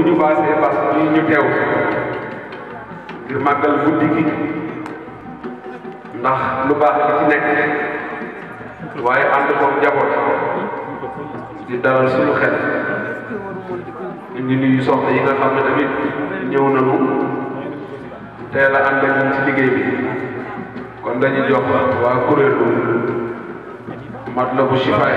bu ñu baasee bas ñu teew ngir màggal guddi gi ndax lu baax li ci nekk waaye ànd koog njaboot di dalal suñu xel ñu nuyu soxna yi nga xam ne tamit ñëw nañu teel a ànd ak ci liggéey bi kon dañuy jox waa kuréelu mat la bu sifaay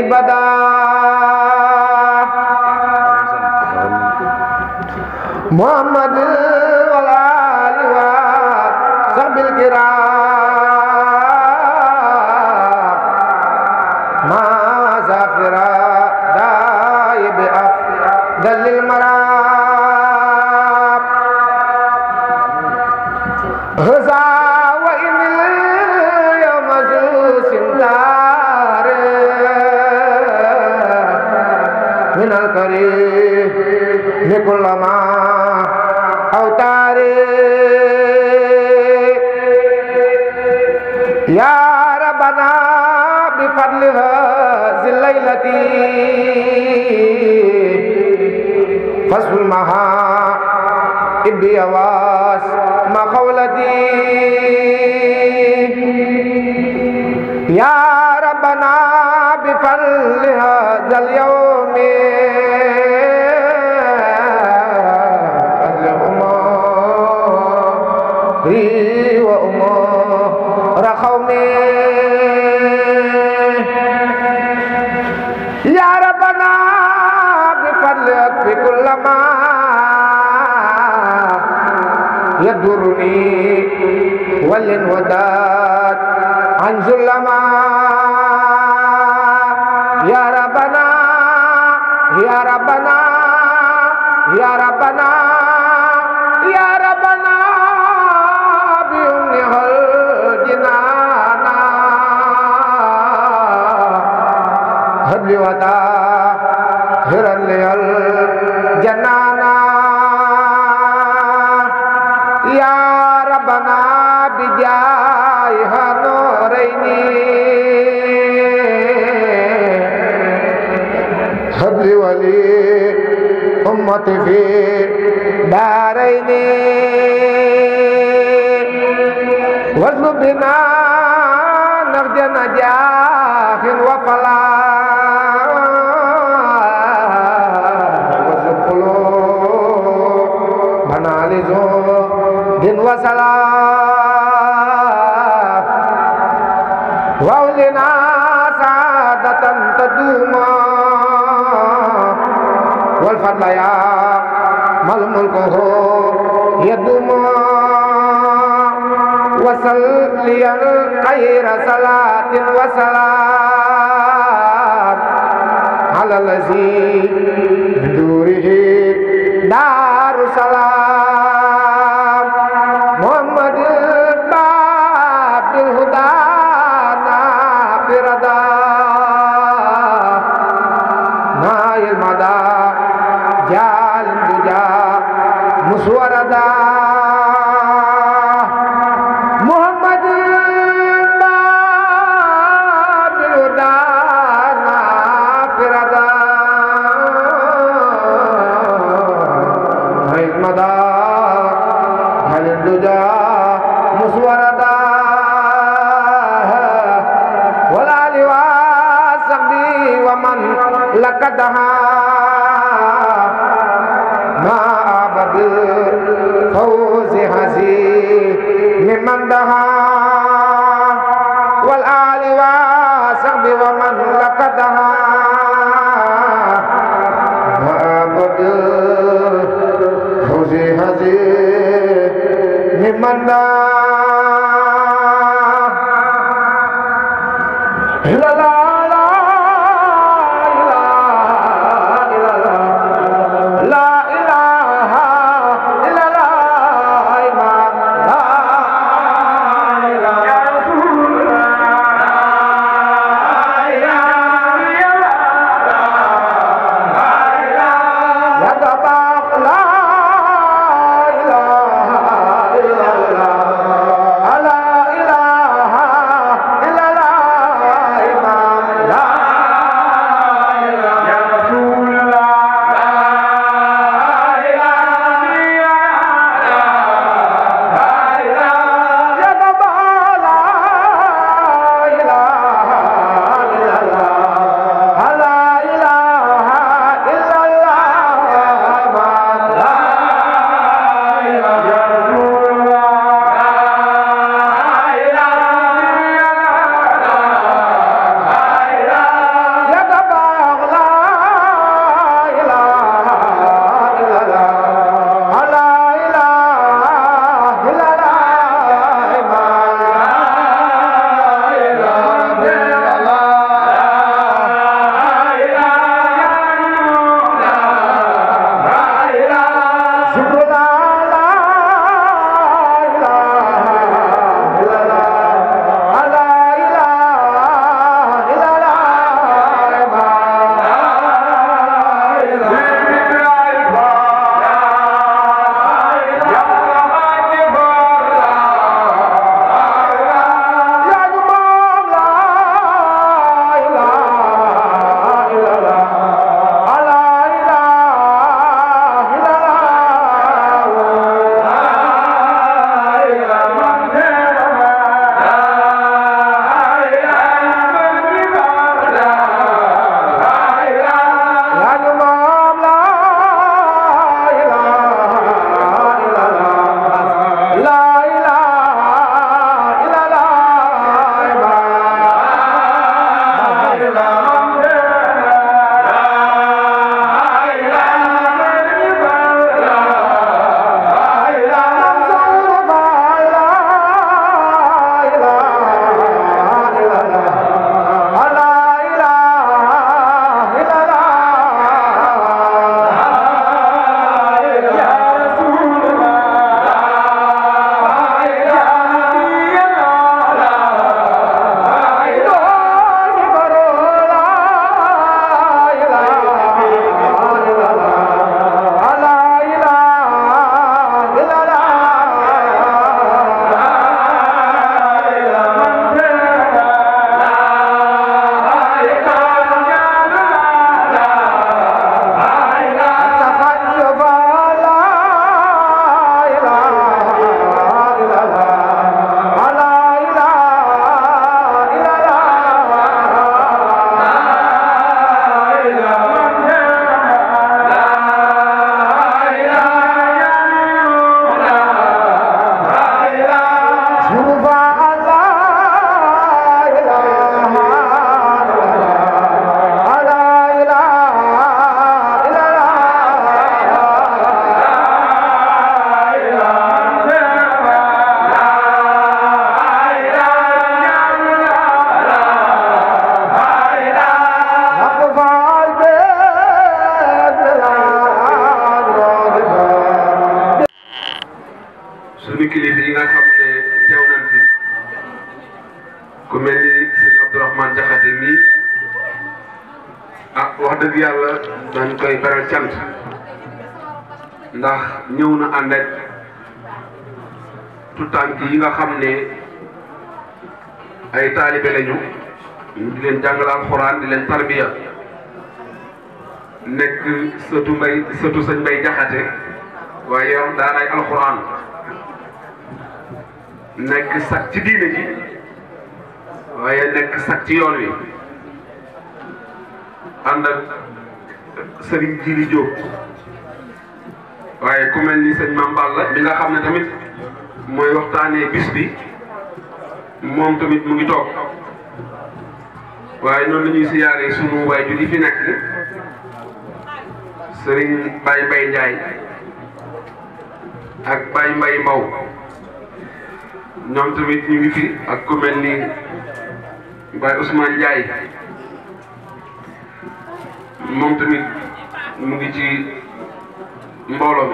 बदा واولنا سعادة تدوم والفضل يا مل ملكه يدوم وصل لي خير صلاة وسلام على الذي ku mel ni sëñ Abdourahmane Jaxate mii ah wax dëgg yàlla dañ koy beral cant ndax ñëw na ànd ak tutànk yi nga xam ne ay taalibe lañu di leen jàngal alxuraan leen tarbiya nekk sëtu mbay sëtu sëñ mbay jaxate waaye yow daaray alxuraan nekk sax ci diine ji waaye nekk sax ci yoon wi ànd ak sëriñ Jili Diop waaye ku mel ni sëñ Mame Balla bi nga xam ne tamit mooy waxtaanee bis bi moom tamit mu ngi toog waaye noonu la ñuy siyaaree sunu waajur yi fi nekk sëriñ Baye Mbaye Ndiaye ak Baye Mbaye Mbow ñoom tamit ñu ngi fi ak ku mel ni. Baye Ousmane Ndiaye moom tamit mu ngi ci mbooloo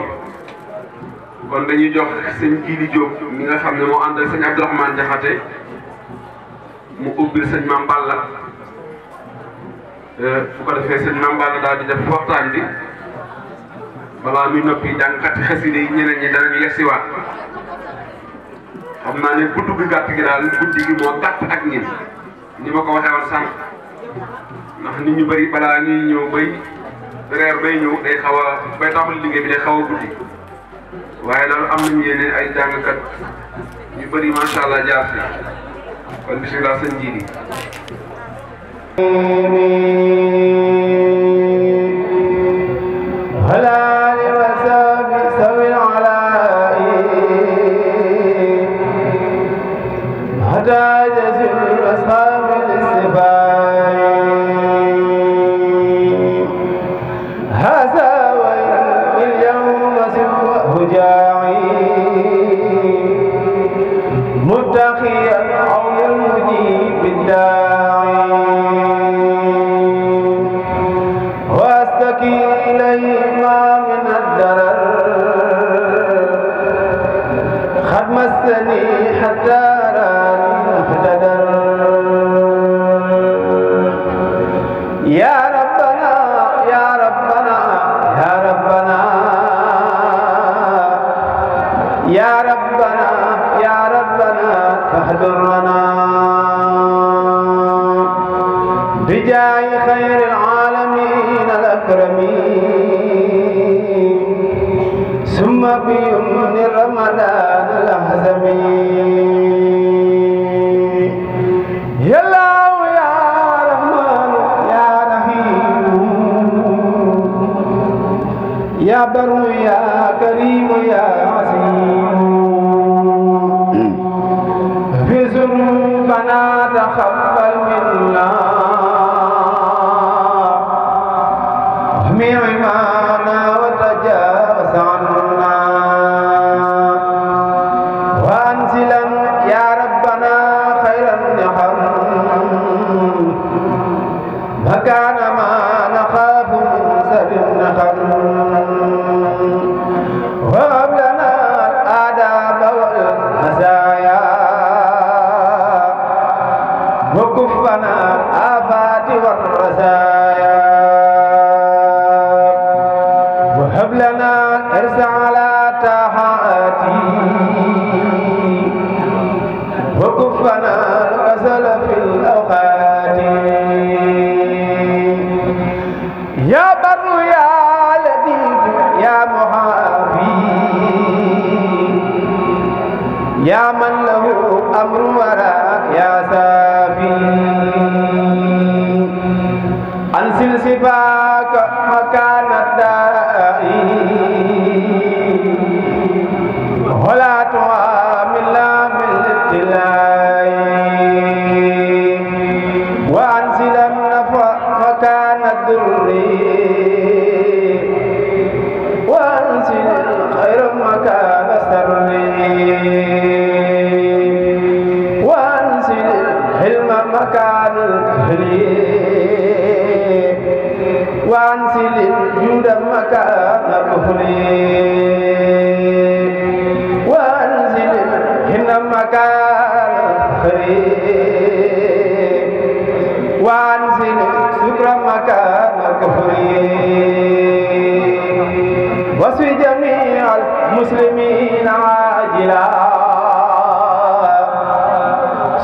mi kon dañuy jox sëñ Jili Diop mi nga xam ne moo ànd ak sëñ Abdourahmane mu ubbil sëñ Mame Balla fu euh, ko defee sëñ Mame Balla daal di def waxtaan bi balaa muy noppi jàngkati xasida yi ñeneen ñi danañ yegsiwaat xam naa ne guddi gi gàtt gi daal guddi gi moo gàtt ak nii ni ma ko waxee woon sànq ndax nit ñu bëri balaa ñuy ñëw bay reer bay ñëw day xaw a bay taxul liggéey bi day xaw a guddi waaye am nañu yeneen ay jàngkat ñu bëri macha allah jaar si kon bisimilah sëñ ಯಾರ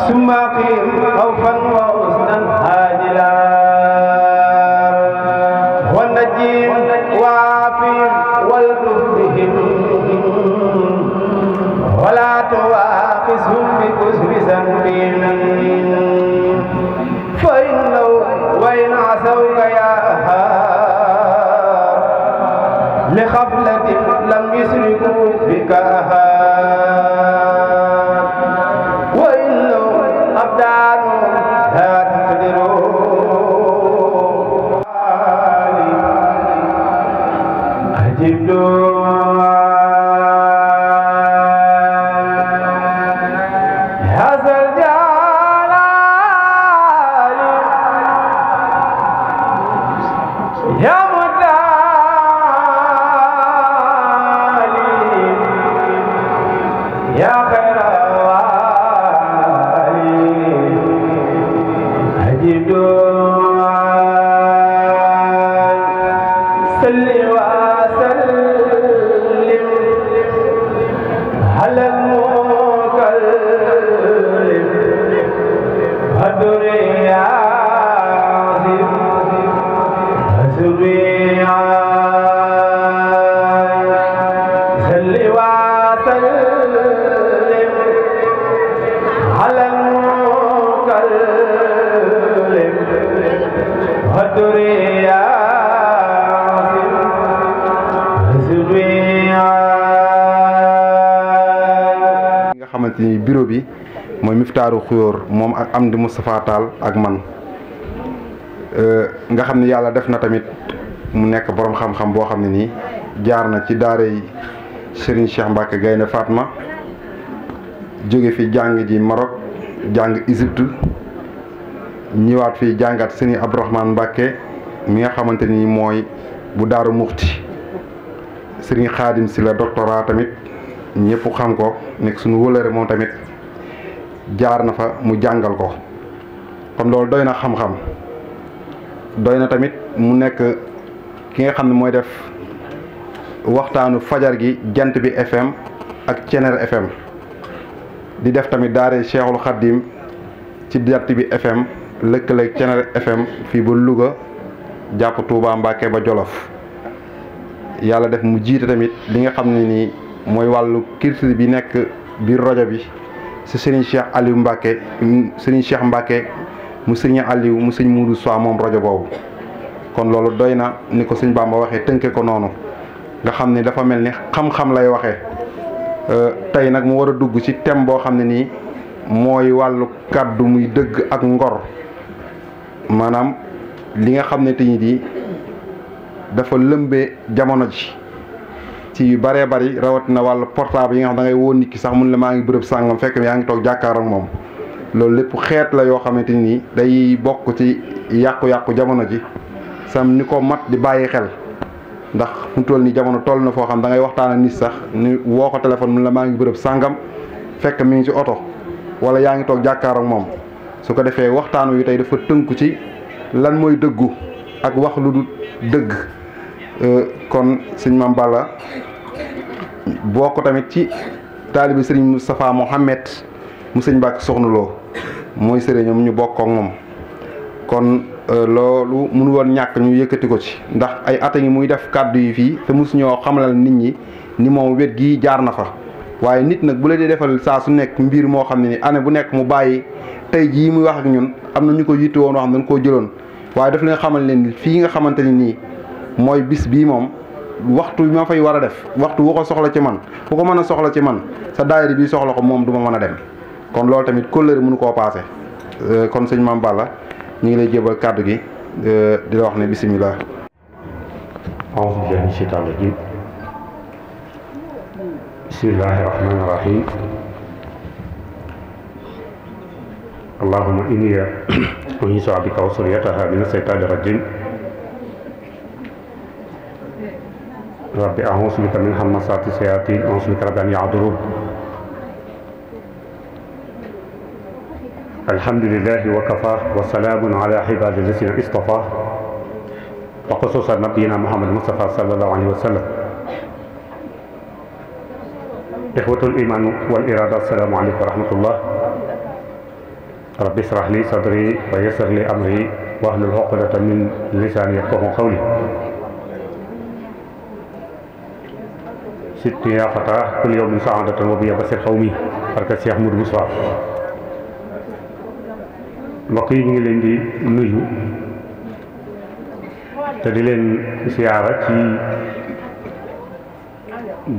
ثم أقيم خوفا وخوفا mooy Miftaaru Xuyóor moom ak am di Tall ak man nga xam ne yàlla def na tamit mu nekk boroom xam-xam boo xam ne nii jaar na ci daara yi Serigne Cheikh Mbacke Gaynde faatma jóge fi jàng ji Maroc jàng Égypte ñëwaat fi jàngat Serigne Abdourahmane Mbacke mi nga xamante nii mooy bu daaru muxti Serigne Khadim si la doctorat tamit ñëpp xam ko nekk suñu wëlëre moom tamit jaar na fa mu jàngal ko kon loolu doy na xam-xam doy na tamit mu nekk ki nga xam ne mooy def waxtaanu fajar gi jant bi FM ak Ceneer FM di def tamit daare Cheikhul Khadim ci jant bi FM lëkkaleeg Ceneer FM fii ba Louga jàpp Touba Mbacke ba Jolof yàlla def mu jiite tamit li nga xam ne nii mooy wàllu kirsi bi nekk biir rajo bi si Serigne Cheikh Aliou Mbacke Serigne Cheikh Mbacke mu Serigne Aliou mu sëñ Moudou Sow moom rajo boobu kon loolu doy na ni ko sëñ Bamba waxee tënkee ko noonu nga xam ni dafa mel ni xam-xam lay waxee euh, tey nag mu war a dugg ci thème boo xam ne nii mooy wàllu kàddu muy dëgg ak ngor maanaam li nga xam ne te ni di dafa lëmbe jamono ji ci yu bëree bëri rawatina wàllu portable yi nga xam da ngay woo nit ki sax mun la maa ngi bërëb sàngam fekk yaa ngi toog jàkkaar loolu lépp xeet la yoo xamante ni day bokk ci yàqu-yàqu jamono ji sam ni ko mat di bàyyi xel ndax mu toll ni jamono toll na foo xam da ngay waxtaan ak nit sax ni woo ko téléphone mun la maa ngi bërëb sàngam fekk mi ngi ci oto wala yaa ngi toog jàkkaar moom su ko defee waxtaan wi tey dafa tënku ci lan mooy dëggu ak wax lu du dëgg Euh, kon sëñ Mame Balla bokk tamit ci taalibi sëriñ Moustapha Mohamed mu sëñ Mbàkke Soxna Lo mooy sëriñam ñu bokk ak moom kon euh, loolu munu woon ñàkk ñu yëkkati ko ci ndax ay at a muy def kàddu yi fii te mosu ñoo xamalal nit ñi ni moom wet gii jaar na fa waaye nit nag bu la dee defal saa su nekk mbir moo xam ne ni année bu nekk mu bàyyi tey jii muy wax ak ñun am na ñu ko yitte woon wax xam koo jëloon waaye daf leen xamal leen fii nga xamante ni nii moy bis bi mom waxtu bima fay wara def waxtu wu soxla ci man bu ko meuna soxla ci man sa daayira bi soxla ko mom duma meuna dem kon loolu tamit kóllëre mënu passé euh kon seigne mam Balla ñi ngi lay jébal kàddu gi euh di la wax ne bismillah aouzu billahi mina shaytaani rajim bismillahi rahmaani rahim allahumma inni a'udhu bika min syaitanir rajim رب أعوذ بك من همسات الشياطين أعوذ بك رب أن يعذرون الحمد لله وكفى وسلام على عباد الذين اصطفى وخصوصا نبينا محمد المصطفى صلى الله عليه وسلم إخوة الإيمان والإرادة السلام عليكم ورحمة الله رب اشرح لي صدري ويسر لي أمري واهل العقدة من لساني يفقه قولي surtout yaa Fata kul yow min saadatan wa bi yabasir xaw mi barka Cheikh Moudou Moussa mbokk yi ñu ngi leen di nuyu te di leen siyaara ci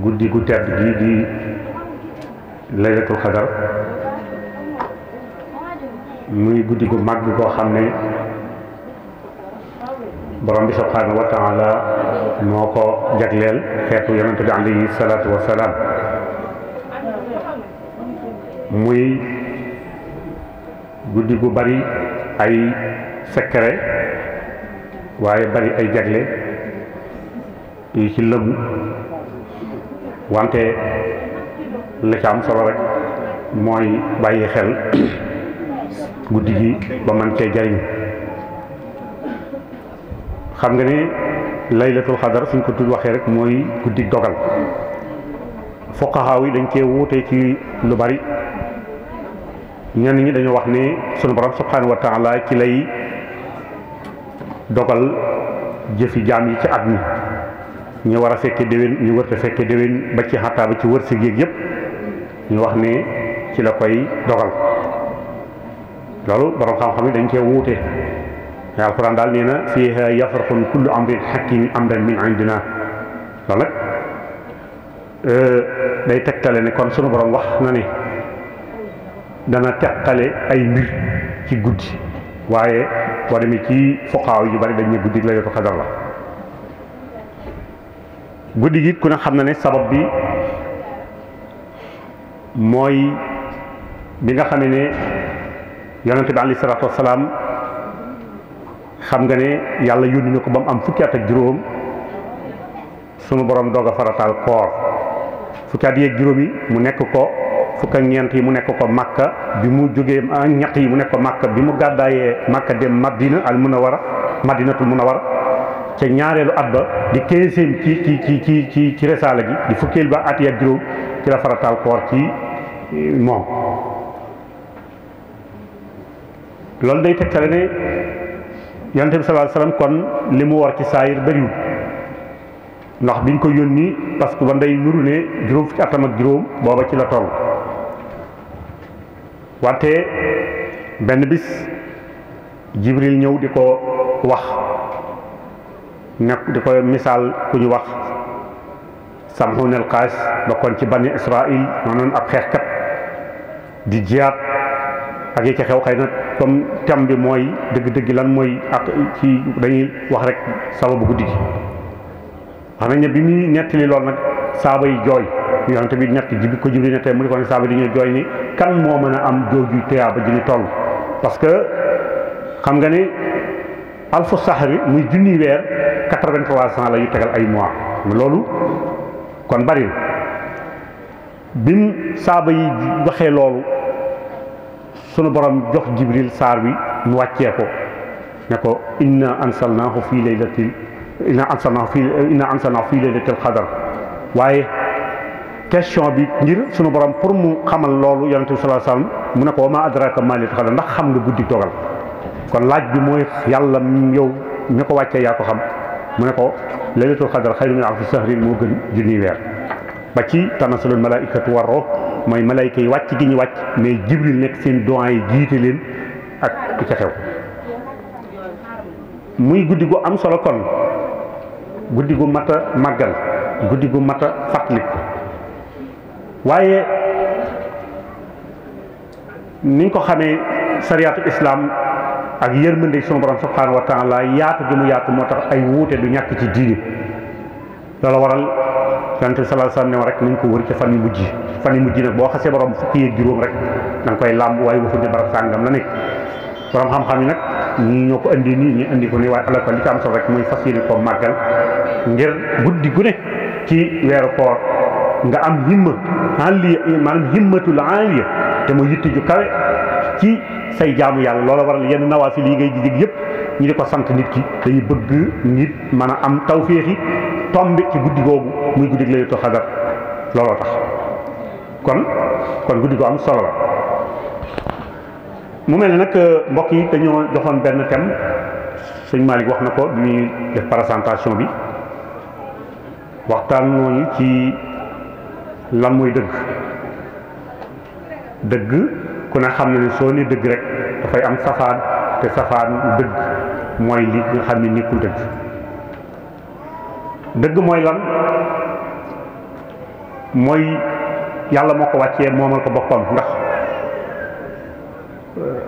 guddi gu tedd gi di laylatul xadar muy guddi gu mag koo xam ne borom bi subhanahu wa taala moo ko jagleel xeetu yonente bi alayhi salaatu wasalaam muy guddi gu bari ay secret waaye bari ay jagle yi ci lëbu wante li ci am solo rek mooy bàyyi xel guddi gi ba mën cee jariñ xam nga ni laylatul xadar suñ ko tudd waxee rek mooy guddi dogal foqahaaw yi dañ cee wuute ci lu bari ñenn ñi dañu wax ni sunu borom subhanahu wa taala ci lay dogal jëfi jaam yi ci at mi ñu war a fekke déwén ñu wërta fekkee déwén ba ci xataa ba ci wërsëg yéeg yépp ñu wax ni ci la koy dogal loolu borom xam-xam yi dañ cee wuute alxuraan daal nee na fiiha yafraxun kullu amrin xakim amran min indina loolu nag euh, day tegtale ne kon sunu borom wax na ne dana teqale ay mbir ci guddi waaye boo demee ci foqaaw yu bari dañ ne guddi la yotu xadar la guddi gi ku ne xam na ne sabab bi mooy bi nga xamee ne yonente bi alayhi salaatu wasalaam xam nga ne yàlla yónni ko ba mu am fukki at ak juróom sunu borom doog a farataal koor fukki at yeeg juróom yi mu nekk ko fukk ak ñeent yi mu nekk ko Makka bi mu jógee ah, ñett yi mu nekk ko Makka bi mu gàddaayee Makka dem Madina al Munawara Madinatul war ca ñaareelu at ba di quinzième ci ci ci ci ci ci resaala gi di fukkeel ba at yeeg juróom ci la farataal koor ci eh, moom loolu day tegtale ne yantem bi sallallahu wasallam kon li mu war ci saayir bëriwul ndax biñ ko yoni parce que ba nuru ne juróom fukki atam ak juróom booba ci la toll bis jibril ñëw di ko wax nekk di ko misaal ku ñu wax samxuun al Israel bokkoon ci bani israil noonu ab xeexkat di ak yi ci xew nag tam bi moy deug deug lan moy ak ci dañuy wax rek sababu guddi gi xam bi ni netti loolu nag saaba yi jooy bi nett ji bi ko jibli nettee mu ko ni sabay yi dañoo ni kan mo meuna a am joojuy tiyaba ji ni toll parce que xam nga ni alfu sahri muy jinni wer quatre ans la yu tegal ay mois loolu kon bari na sabay waxe loolu sunu borom jox jibril saar wi mu wàccee ko ne ko inna ansalnaahu fii laylatil inna ansalnaahu fii inna ansalnaahu fii laylatil qadar waaye question bi ngir sunu borom pour mu xamal loolu yonente bi sallallahu alayhi wasallam mu ne ko wa ma adraka ndax xam nga guddi dogal kon laaj bi mooy yàlla yow ñu ko wàccee yaa ko xam mu ne ko laylatul qadar xayrun min moo gën junniy weer ba ci tanazzalul malaikatu war mooy malayka yi wàcc gi ñu wàcc mais jibril nekk seen doyen yi jiite leen ak ku ca xew muy guddi gu am solo kon guddi gu mat a guddi gu mat a fàttali waaye niñ ko xamee sariyaatu islaam ak yërmande sunu borom subhanahu wa taala yaatu gi mu yaatu moo tax ay wuute du ñàkk ci diine loola waral yonent bi sallallahu alayhi wasallam ne rek nañ ko wër ci fani yu mujj fan yu mujj nag boo xasee borom fukki ak juroom rek nang nga koy làmb waaye waxut ne barab sangam la nek borom xam-xam ni nak ñi ñoko andi ni ñi andi ko ni way ala ko li tam so rek moy fasiyene ko magal ngir guddi gu ne ci wéru koor nga am himma aliya maanaam himmatul aliya te mo yitti ju kawé ci say jaamu yalla loola waral yeen nawafil yi ngay jig yëpp ñi di sant nit ki dañuy bëgg nit mëna am tawfiixi tombe ci guddi googu muy guddi laylatul xadar looloo tax kon kon guddi goo am solo la mu mel ne nag euh, mbokk yi dañoo joxoon benn thème sëñ Malick wax na ko bi ñuy def présentation bi waxtaan nooñu ci lan mooy dëgg dëgg ku ne xam ne soo ne dëgg rek dafay am safaan te safaan dëgg mooy li nga xam ne nekkul dëgg dëgg mooy lan mooy yàlla moo ko wàccee moomal ko boppam ndax euh,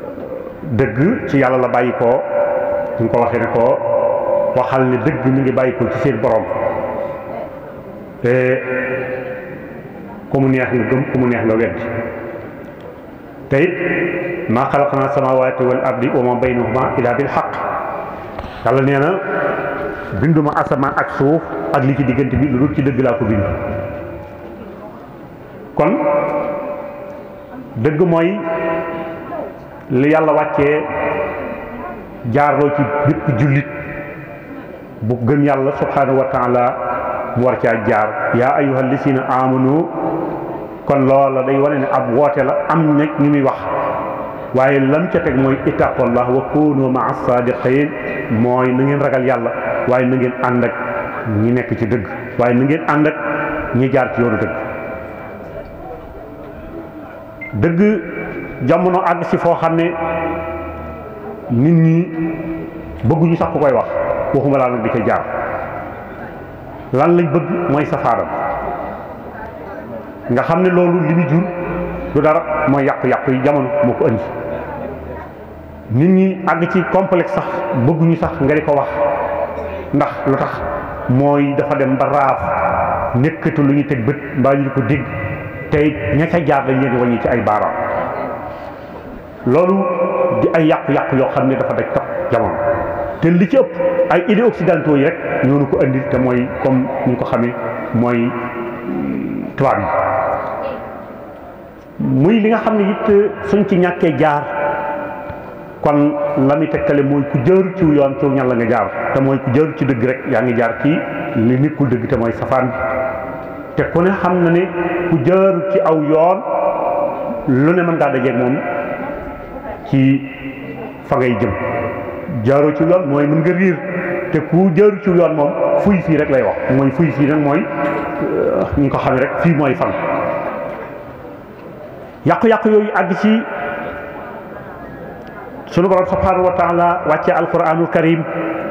dëgg ci yàlla la bàyyi koo ñu ko waxee ne ko waxal ne dëgg mi ngi bàyyi ko ci seen boroom te ku mu neex nga gëm ku mu neex nga wedd te it maa xalaqnaa samaawaati wal ardi wa maa baynahuma illaa bil yàlla nee binduma asamaan ak suuf ak li ci diggante bi lu dul ci dëgg laa ko bind kon dëgg mooy li yàlla wàccee jaarloo ci bépp jullit bu gën yàlla subhanahu wa taala mu war caa jaar yaa ayyuhal lisiina amanu kon loola day wane ne ab woote la am nag ñu muy wax waaye lam ca teg mooy ittaqullah wa kunu ma'a saadiqin mooy na ragal yàlla waaye na ngeen ànd ak ñi nekk ci dëgg waaye mu ngeen ànd ak ñi jaar ci yoonu dëgg dëgg jamono àgg si foo xam ne nit ñi bëgguñu sax ku koy wax waxuma laa nag di ca jaar lan lañ bëgg mooy safaaram nga xam ne loolu li mu jur lu dara mooy yàqu-yàqu yi jamono moo ko andi nit ñi àgg ci complexe sax bëgguñu sax nga di ko wax ndax lu tax mooy dafa dem ba raaf lu ñu teg bët mbaa ñu ko dégg tey ña ca jaar dañ leen di wàññi ci ay baaraam loolu di ay yàqu-yàqu yoo xam ne dafa daj topp jamono te li ci ëpp ay idées occidentaux yi rek ñoo ko indi te mooy comme ñu ko xamee mooy tubaab yi muy li nga xam ne it suñ ci ñàkkee jaar. kon la muy tegtale mooy ku jëru ci yoon ci ñan la nga jaar te mooy ku jëru ci dëgg rek yaa ngi jaar ci li nekkul dëgg te mooy safaan bi te ku ne xam na ne ku jëru ci aw yoon lu ne mën ngaa dajeeg moom ci fa ngay jëm jaaroo ci yoon mooy mën nga riir te ku jaaru ci yoon moom fuy fii rek lay wax mooy fuy fii nag mooy euh, ñu ko xamee rek fii mooy fan yàqu-yàqu yooyu àgg ci sunu borom subhanahu wa taala wàccee alquranul karim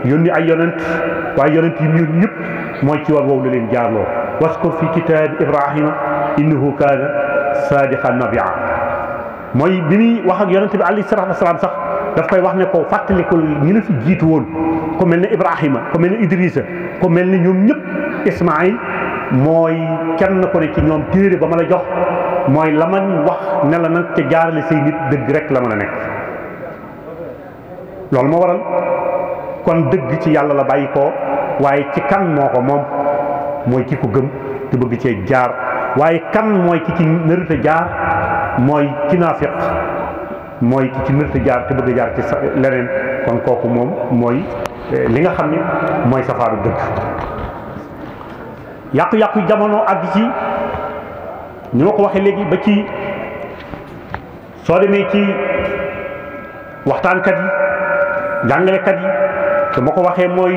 yónni ay yonent waaye yonent yi ñun ñëpp mooy ci war woowu la leen jaarloo waskur fi kitaabi ibrahima innahu kaana sadiqan nabia mooy bi muy wax ak yonent bi alayhi salaatu wasalaam sax daf koy wax ne ko fàttalikul ñi la fi jiitu woon ku mel ne ibrahima ku mel ne idrisa ko mel ne ñoom ñëpp ismail mooy kenn ko ne ci ñoom téere ba ma la jox mooy la man wax ne la nag te jaarale say nit dëgg rek la mën a nekk loolu moo waral kon dëgg ci yàlla la bàyyi koo waaye ci kan moo ko moom mooy ki ko gëm te bëgg cee jaar waaye kan mooy ki ci nërite jaar mooy ki naafiq mooy ki ci nërite jaar te bëgg jaar ci leneen kon kooku moom mooy eh, li nga xam ni mooy safaaru dëgg yàqu-yàqu jamono àgg ci ni ma ko waxee léegi ba ci soo demee ci waxtaankat yi jàngalekat yi su ma ko waxee mooy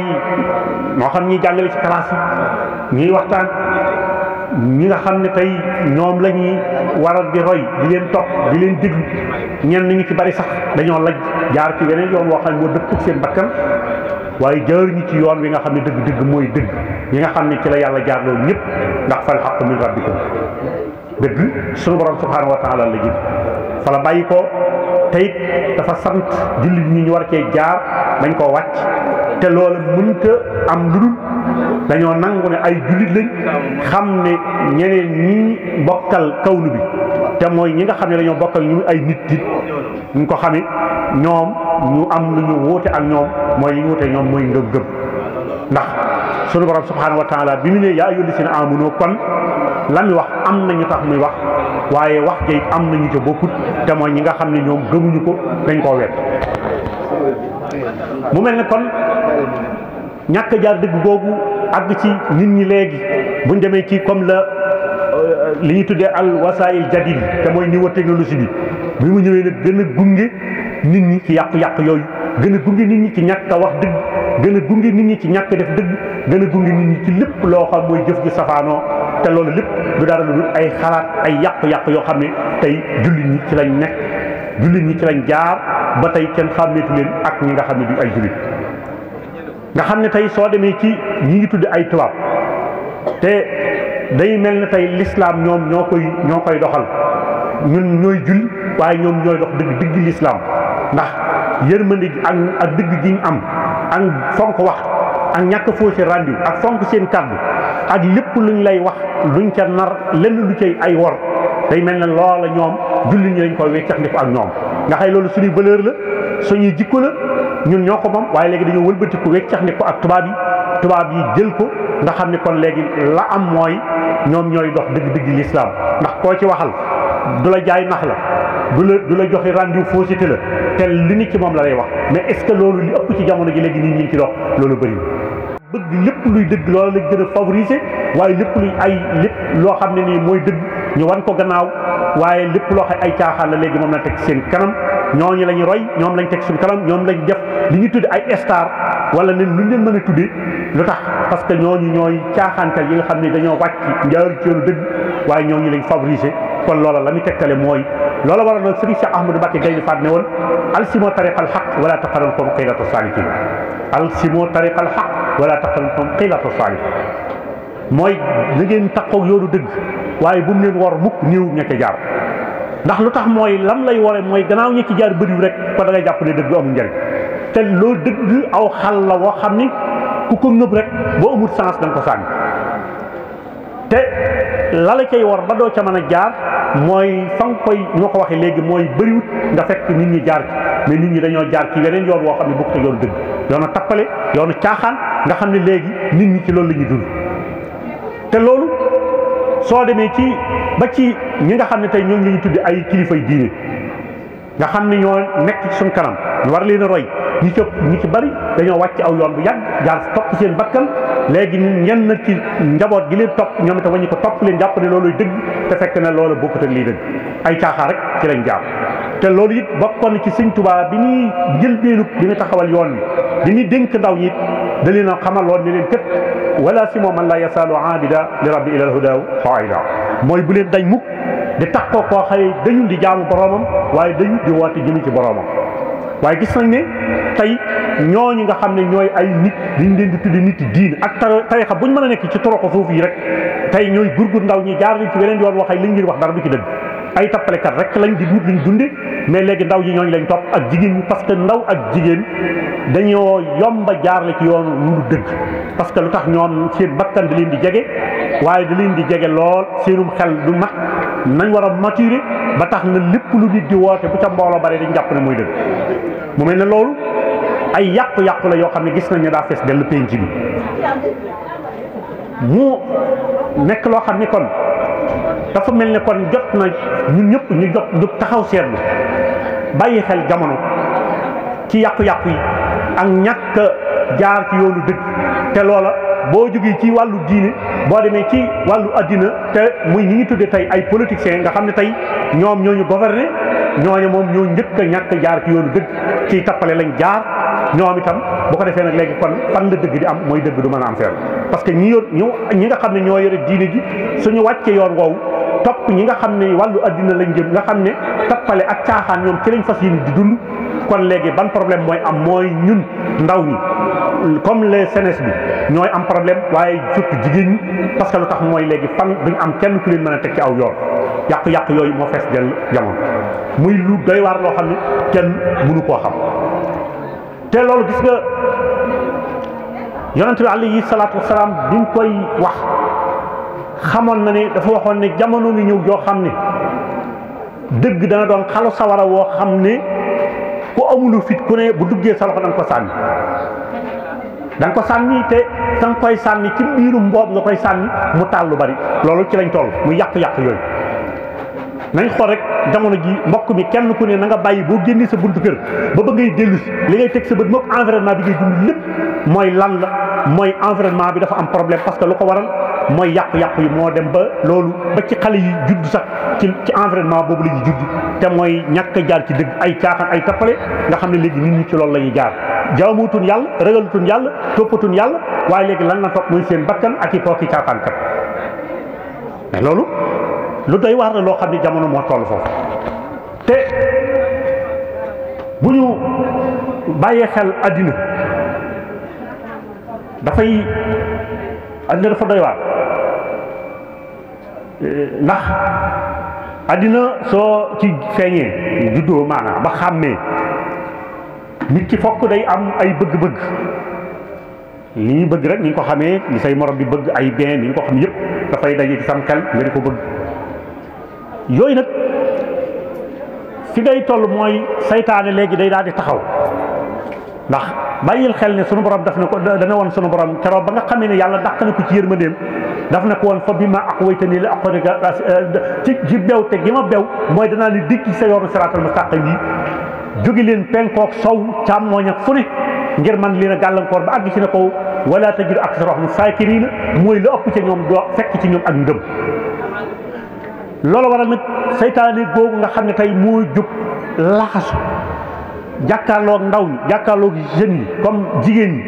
moo xam ñi jàngale ci classe yi ñuy waxtaan ñi nga xam ne tey ñoom la ñuy waral di roy di leen topp di leen déglu ñenn ñu ci bari sax dañoo laj jaar ci weneen yoon woo xam ne moo dëppug seen bakkan waaye jaar ñu ci yoon wi nga xam ne dëgg dégg mooy dégg yi nga xam ne ci la yàlla jaar loolu ñëpp ndax fal xaq min rabbikum dëgg sunu borom subhanahu wa taala la jëm fa la bàyyi ko teyit dafa sant jullit ñi ñu war a cee jaar bañ koo wàcc te loola mënta am lu dul dañoo nangu ne ay jullit lañ xam ne ñeneen ñi bokkal kawlu bi te mooy ñi nga xam ne dañoo bokkal ñu ay nit nit ñu ko xamit ñoom ñu am lu ñu wuute ak ñoom mooy li ñu wuute ñoom mooy ngëm-ngëm ndax sunu borom subhanahu wa bi mu ne yaa ayyuhal lazina aamanu kon lam wax am na ñu tax muy wax waaye wax jay am na ñu ca bokkut te mooy ñi nga xam ne ñoom gëmuñu ko dañ koo wet mu mel ne kon ñàkk jaar dëgg googu àgg ci nit ñi léegi buñ demee ci comme la euh, li ñu tuddee al wasaayil jadid te mooy niveau technologie bi bi mu ñëwee nag gën gunge nit ñi ci yàq yàqu yooyu gën a gunge nit ñi ci ñàkk a wax dëgg gën a nit ñi ci ñàkk def dëgg gën a gunge nit ñi ci lépp loo xam mooy jëf ju safaanoo te loolu lépp du dara lu ay xalaat ay yàq-yàq yoo xam ne tey jullit ñi ci lañ nekk jullit ñi ci lañ jaar ba tey kenn xàmmeetu leen ak ñi nga xam ne du ay jullit nga xam ne tey soo demee ci ñi ngi tudd ay tubaab te day mel ne tey lislaam ñoom ñoo koy ñoo koy doxal ñun ñooy julli waaye ñoom ñooy dox dëgg dëgg lislaam ndax yërmandi ak ak dëgg gi am ak fonk wax ak ñàkk foo si rendu ak fonk seen kàddu ak lépp luñ lay wax luñ ca nar lenn lu cay ay wor day mel na loola ñoom julli ñi lañ koy weccax ak ñoom nga xay loolu suñuy valeur la suñuy jikko la ñun ñoo ko moom waaye léegi dañoo wëlbatiku weccax ndiko ak tubaab yi tubaab yi jël ko nga xam ne kon léegi la am mooy ñoom ñooy dox dëgg-dëgg lislaam ndax koo ci waxal du la jaay nax la du la du la joxe rendu fausseté la te li nit ci moom la lay wax mais est ce que loolu li ëpp ci jamono ji léegi nit ñi ngi ci dox loolu bëri bëgg lépp luy dëgg loolu lañ gën a favoriser waaye lépp luy ay lépp loo xam ne nii mooy dëgg ñu wan ko gannaaw waaye lépp loo xam ay caaxaan la léegi moom la teg seen kanam ñooñu la ñu roy ñoom lañ teg suñu kanam ñoom lañ def li ñu tudde ay star wala ne lu ñu leen mën a tuddee lu tax parce que ñooñu ñooy caaxaantal yi nga xam ne dañoo wàcc njaar ci yoonu dëgg waaye ñooñu lañ favoriser kon loola la muy tegtale mooy loola waral loolu Serigne Cheikh Ahmadou Mbacké Gaynde Fatma ne woon alsimo tariqal xaq wala taqarrankum qiilata saalikin alsimo tariqal xaq wala taqarrankum qiilata mooy na ngeen takkoog yoonu dëgg waaye bu mu leen war mukk néew ña ca jaar ndax lu tax mooy lam lay waree mooy gannaaw ña ci jaar bëriw rek ko da jàpp ne dëgg amul njëriñ te loo dëgg aw xal la woo xam ni ku ko ngëb rek boo amul sens da ko sànni te la la war ba doo ca mën a jaar mooy fa nga koy ma ko waxee léegi mooy bëriwut nga fekk nit ñi jaar ci mais nit ñi dañoo jaar ci weneen yoon woo xam ne bokk te yoonu dëgg yoonu tappale yoonu caaxaan nga xam ne léegi nit ñi ci loolu la ñuy dund te loolu soo demee ci ba ci ñi nga xam ne tey ñoom la ñu tuddi ay kilifay diine nga xam ne ñoo nekk ci suñ kanam ñu war leen a roy ñu ci ñu ci bari dañoo wàcc aw yoon bu yàgg jaar topp seen bakkan léegi ñenn ci njaboot gi leen topp ñoom itam wañu ko topp leen jàpp ne looluy dëgg te fekk na loolu bokkut ak lii dëgg ay caaxaan rek ci lañ jaar te loolu it bokkoon ci sëñ tubaa bi ñuy jël beenu bi ñu taxawal yoon bi ñuy dénk ndaw yi da leen a lool ne leen képp wala si moom man la yasaalu aabida li rabbi ilal huda xaayida mooy bu leen dañ mukk di takkoo koo xëy dañu di jaamu boromam waaye dañu di woote jëmi ci boromam waaye gis nañ ne tey ñooñu nga xam ne ñooy ay nit liñ leen di tuddi nit diin ak tar tarixa buñ mën a nekk ci toroxo suuf yi rek tey ñooy gurgur ndaw ñi jaar nañ ci weneen yoon wax ay liñ ngir wax dara du ci dëgg ay tappalekat rek lañ di wut luñ dundee mais léegi ndaw ñi ñooñu lañ topp ak jigéen ñi que ndaw ak jigéen dañoo yomba jaarle ci yoonu lu dëgg parce que lu tax ñoom seen bakkan da leen di jege waaye da leen di jege lool seenum xel du mat nañ war a maturé ba tax nga lépp lu nit di woote bu ca mbooloo bare dañ jàpp ne mooy dëgg mu mel ne loolu ay yàqu-yàqu la yoo xam ne gis nañ ne daa fees dellu penc bi mu nekk loo xam ne kon dafa mel ne kon jot na ñun ñëpp ñu jot ñu taxaw seetlu bàyyi xel jamono ci yàqu-yàqu yi ak ñàkk jaar ci yoonu dëgg te loola boo jógee ci wàllu diine boo demee ci wàllu addina te muy ñi ñu tuddee tey ay politiciens nga xam ne tey ñoom ñoo ñu gouverner ñooñu moom ñoo njëkk a ñàkk jaar ci yoonu dëgg ci tappale lañu jaar. ñoom itam boo ko defee nag léegi kon fan dëgg di am mooy dëgg du mën a am fenn parce que ñi yor ñi nga xam ne ñoo yore diine ji suñu wàccee yoon woowu topp ñi nga xam ne wàllu addina lañ jëm nga xam ne tappale ak caaxaan ñoom ci lañ fas yéene di dund kon léegi ban problème mooy am mooy ñun ndaw ñi comme les senes bi ñooy am problème waaye surtout jigéen ñi parce que lu tax mooy léegi fan duñ am kenn ku leen mën a teg ci aw yoon yàq yàq yooyu moo fees dell jamono muy lu doy waar loo xam ne kenn mënu koo xam te loolu gis nga yonent bi alayhi salaatu wasalaam bi mu koy wax xamoon na ne dafa waxoon ne jamono ngi ñëw joo xam ne dëgg dana doon xalu sawara woo xam ne ku amulu fit ku ne bu duggee sa loxo danga ko sànni danga ko sànni te danga koy sànni ci biiru mboob nga koy sànni mu taal lu bari loolu ci lañ toll mu yàq yàqu yooyu nañ xool rek jamono ji mbokk mi kenn ku ne na nga bàyyi boo génnee sa buntu kër ba ba ngay dellu si li ngay teg sa bët moom environnement bi ngay dund lépp mooy lan la mooy environnement bi dafa am problème parce que lu ko waral mooy yàqu-yàqu yi moo dem ba loolu ba ci xale yi judd sax ci ci environnement boobu la ñuy judd te mooy ñàkk a jaar ci dëgg ay caaxaan ay tappale nga xam ne léegi nit ñi ci loolu la ñuy jaar jaamutuñ yàlla ragalutun yàlla toppatun yàlla waaye léegi lan la topp muy seen bakkan ak i pooki caaxaan kat mais loolu lu doy waar la loo xam ne jamono moo toll foofu te bu ñu bàyyee xel àddina dafay àddina dafa doy waar ndax àddina soo ci feeñee juddoo maanaam ba xàmmee nit ki fokk day am ay bëgg-bëgg li ñu bëgg rek ni ñu ko xamee li say morom bi bëgg ay bien ni ñu ko xam yëpp dafay daje ci sam xel nga di ko bëgg yooyu nag fi ngay toll mooy seytaane léegi day daal di taxaw ndax bàyyil xel ne sunu borom daf ne ko dana woon sunu borom keroog ba nga xamee ne yàlla dàq na ko ci yërmandeem daf ne ko woon fa bi ma aqwaytanii la aqudanna ci ci bew te gi ma bew mooy danaa ni dikki sa yoonu siraatal mustaqim yi jóge leen penkook sow càmmooñ ak fu ne ngir man leen a gàllankoor ba àgg ci ne ko wala tajidu aksarahum saakiriina mooy la ëpp ca ñoom doo fekk ci ño ak ngëm loolu a nag seytaane boobu nga xam ne tey moo jub laxasu jàkkaarloog ndaw ñi jàkkaarloog jeunes yi comme jigéen ñi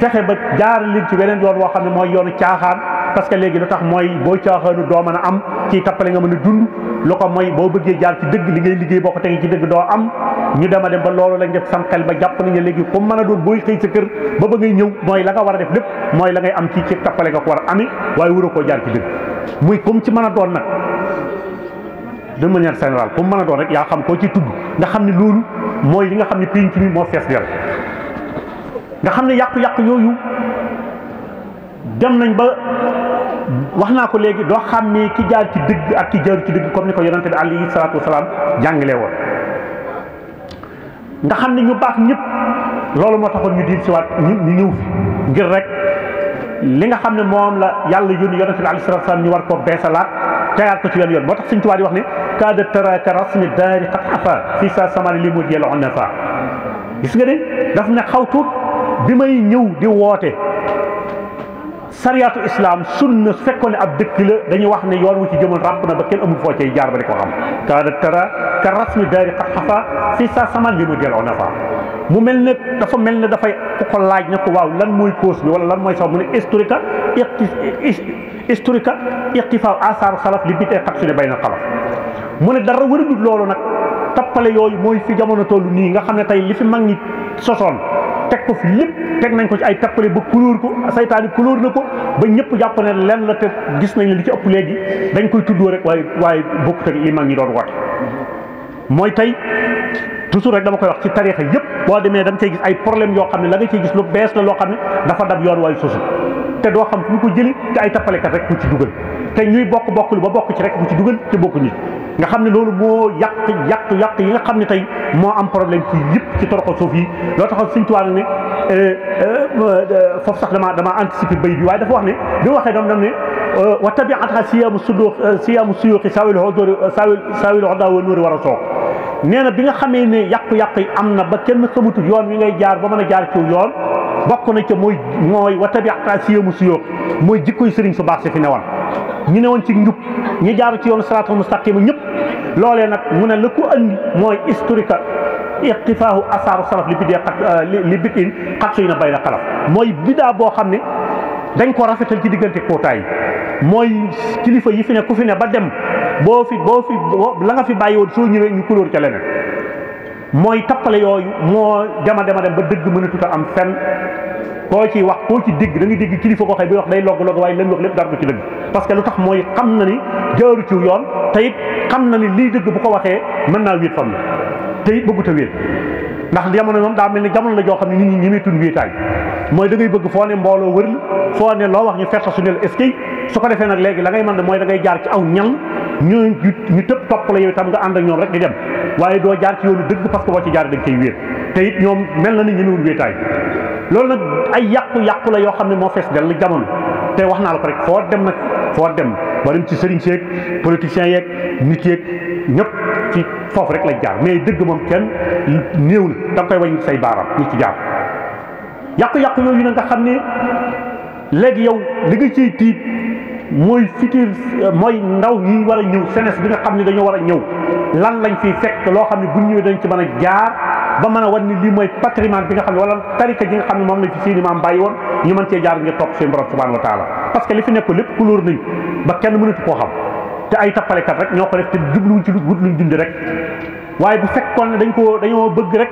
fexe ba jaar leen ci weneen yoon woo xam ne mooy yoonu caaxaan parce que léegi lu tax mooy boo caaxaanu doo mën a am ci tappale nga mën a dund lu ko mooy boo bëggee jaar ci dëgg li ngay liggéey boo ko tegee ci dëgg doo am ñu dema dem ba loolu lañ def sam xel ba jàpp nañ ne léegi ku mën a doon booy xëy sa kër ba ba ñëw mooy la nga war a def lépp mooy la ngay am ci ci tappale nga ko war a ami waaye wuroo koo jaar ci dëgg comme ci mën a doon nag de manière générale comme mën a doon rek yaa xam koo ci tudd nga xam ne loolu mooy li nga xam ne pénc mi moo fees del nga xam ne yàqu-yàqu yooyu dem nañ ba wax naa ko léegi doo xam ni ki jaar ci dëgg ak ki jaaru ci dëgg comme ni ko yonente bi alayhi salaatu salaam jàngalee woon nga xam ne ñu baax ñëpp loolu moo taxoon ñu diir siwaat ñu ñëw fi ngir rek li nga xam ne moom la yàlla yónni yonente bi alayhi salaatu salaam ñu war ko beesalaat tegaat ko ci yoon yoon moo tax suñ tubaab yi wax ne kaada taraka rasmi daari xat afa fii saa samani li mu jël on fa gis nga de daf ne xaw tuut bi may ñëw di woote sariyaatu islam sunna su fekkoon ne ab dëkk la dañuy wax ne yoon wu ci jëmal ràpp na ba kenn amul foo cay jaar ba di ko xam kaada taraka rasmi daari xat afa fii sa samani li mu jël on fa mu mel ne dafa mel ne dafay ku ko laaj ne ko waaw lan mooy cause bi wala lan mooy sax mu ne historique historique ixtifaa asaaru salaf li bitee xat su ne bay na xalaf mu ne dara wërëbut loolu nag tappale yooyu mooy fi jamono tollu nii nga xam ne tey li fi mag ñi sosoon teg ko fi lépp teg nañ ko ci ay tappale ba couleur ko seytaane couleur na ko ba ñëpp jàpp ne lenn la te gis nañ li ci ëpp léegi dañ koy tuddoo rek waaye waaye bokkut ak li mag ñi doon woote mooy tey toujours rek dama koy wax ci tarixa yëpp boo demee da nga cay gis ay problème yoo xam ne la nga cay gis lu bees la loo xam ne dafa dab yoon waayu sosu te doo xam fu mu ko jëli te ay tappalekat rek ku ci dugal tey ñuy bokk bokkul ba bokk ci rek bu ci dugal te bokk nit nga xam ne loolu moo yàq yàq yàq yi nga xam ne tey moo am problème ci yëpp ci toroxal suuf yi loo taxoon suñ tuwaa ne euh, euh, foofu sax damaa damaa anticiper bay bi waaye dafa wax ne waxee dam dam ne euh, wa tabiata siyaamu sudu siyaamu suyuqi saawil hodori saawil saawil hoda wa nuuri war a soog nee na bi nga xamee ne yàqu-yàq yi am na ba kenn xamatul yoon mi ngay jaar ba mën a jaar ci yoon bokk na ca mooy mooy wa tabiata siyaamu suyuqi mooy jikkoy sëriñ su baax si fi newoon ñu ne woon ci njub ñu jaaru ci yoonu siraatul mustaqim ñëpp loole nag mu ne la ko andi mooy historique iqtifaahu asaaru salaf li bidee euh, li bit in xat suy na bay na xalaf mooy bidaa boo xam ne dañ ko rafetal ci diggante kootaay mooy kilifa yi fi ne ku fi ne ba dem boo fi boo fi la nga fi bàyyi woon soo ñëwee ñu kulóor ca leneen mooy tappale yooyu moo dema dema dem ba dëgg mënatut a am fenn koo ci wax koo ci dégg dangay dégg kilifa ko xëy buy wax day logg logg waaye lam wax lépp dara du ci dëgg parce que lu tax mooy xam na ni jaaru ci yoon te xam na ni lii dëgg bu ko waxee mën naa wéet fam te it bëggut a ndax jamono moom daa mel ni jamono joo xam ne nit ñi ñemeetun mooy da ngay bëgg foo ne mbooloo wër la ne loo wax ñu ferta su ne la est su ko defee nag léegi la ngay mën mooy da ngay jaar ci aw ñal ñu ñu tëpp topp la yow itam nga ànd ak ñoom rek di dem waaye doo jaar ci yoonu dëgg parce que boo ci jaar da nga koy wéet te it ñoom mel na ni ñemewul wéetaay loolu nag ay yàqu-yàqu la yoo xam ne moo fees dell jamono te wax naa la ko rek foo dem nag foo dem ba dem ci sëriñ seeg politiciens yeeg nit yeeg ñëpp ci foofu rek lañ jaar mais dëgg moom kenn néew na da koy wañ say baaram ñi ci jaar yàqu-yàqu yooyu ne nga xam ne léegi yow li nga ciy tiit mooy futur mooy ndaw ñi war a ñëw senes bi nga xam ne dañoo war a ñëw lan lañ fiy fekk loo xam ne bu ñëwee dañ ci mën a jaar ba mën a wan ni lii mooy patrimoine bi nga xam ne wala tarika ji nga xam ne moom la ci seeni bàyyi woon ñu mën jaar ngir topp seen borom subhanahu wa taala parce que li fi nekk lépp couleur nañ ba kenn mënatu koo xam te ay tappalekat rek ñoo ko def te jubluwuñ ci wut luñ dund rek waaye bu fekkoon ne dañ koo dañoo bëgg rek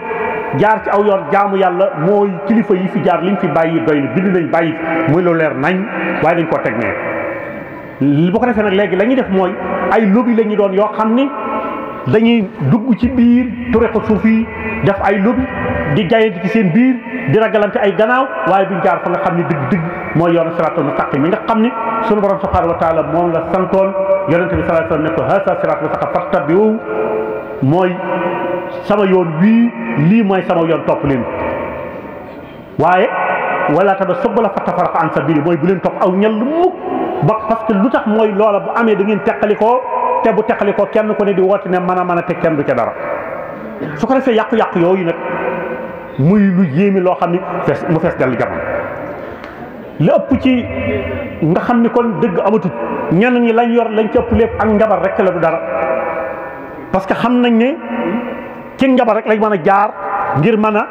jaar ci aw yoon jaamu yàlla mooy kilifa yi fi jaar liñ fi bàyyi doy na bind nañ bàyyi muy lu leer nañ waaye dañ koo teg ne bu ko defee nag léegi la ñuy def mooy ay lobby la ñu yoo xam dañuy dugg ci biir tariqa suufi def ay lobby di jaayante ci seen biir di ragalante ay gannaaw waaye duñ jaar fa nga xam ne dëgg-dëgg mooy yoonu siraatal mustaqim mi nga xam ne sunu borom subhaanahu wa taala moom la santoon yonente bi sallallahu alayhi wa sallam ne ko haasa siraatal mooy sama yoon wii lii mooy sama yoon topp leen waaye wala tamit subula fa tafaraqa an sabili mooy bu leen topp aw ñal mukk ba parce que lu tax mooy loola bu amee da ngeen teqali ko te bu teqali ko kenn ku ne di woote ne mën a mën a te kenn du ca dara su ko defee yàqu-yàqu yooyu nag muy lu yéemi loo xam ni fees mu fees dell jamono la ëpp ci nga xam ni kon dëgg amatut ñenn ñi lañ yor lañ ca ëpp lépp ak njabar rekk la du dara parce que xam nañ ne ci njabar rek lañ mën a jaar ngir mën a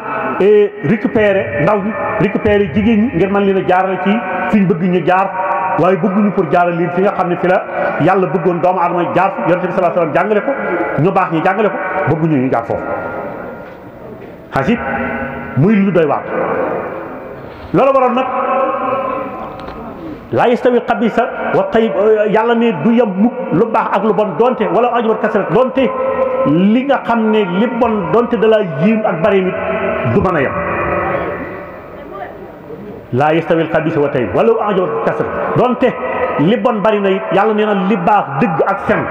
eh, récupérer ndaw ñi récupérer jigéen ñi ngir mën leen a jaaral ci fiñ bëgg ñu jaar. waaye bugguñu pour jaarale leen fi nga xam ne fi la yàlla bëggoon doomu aadama jaar yonent bi sallallahu alayhi wasallam jàngale ko ñu baax ñi jàngale ko bëgguñu ñu jaar foofu xasit muy lu doy waar loolu waroon nag laa yastawi xabisa wa tayib yàlla ne du yem mukk lu baax ak lu bon donte wala ajubat kasrat donte li nga xam ne li bon donte da laa yéem ak bëri nit du mën a yam laa yastawil xabis wa tey wala ajowat kasr donte li bon bari na yàlla nee na li baax dëgg ak fen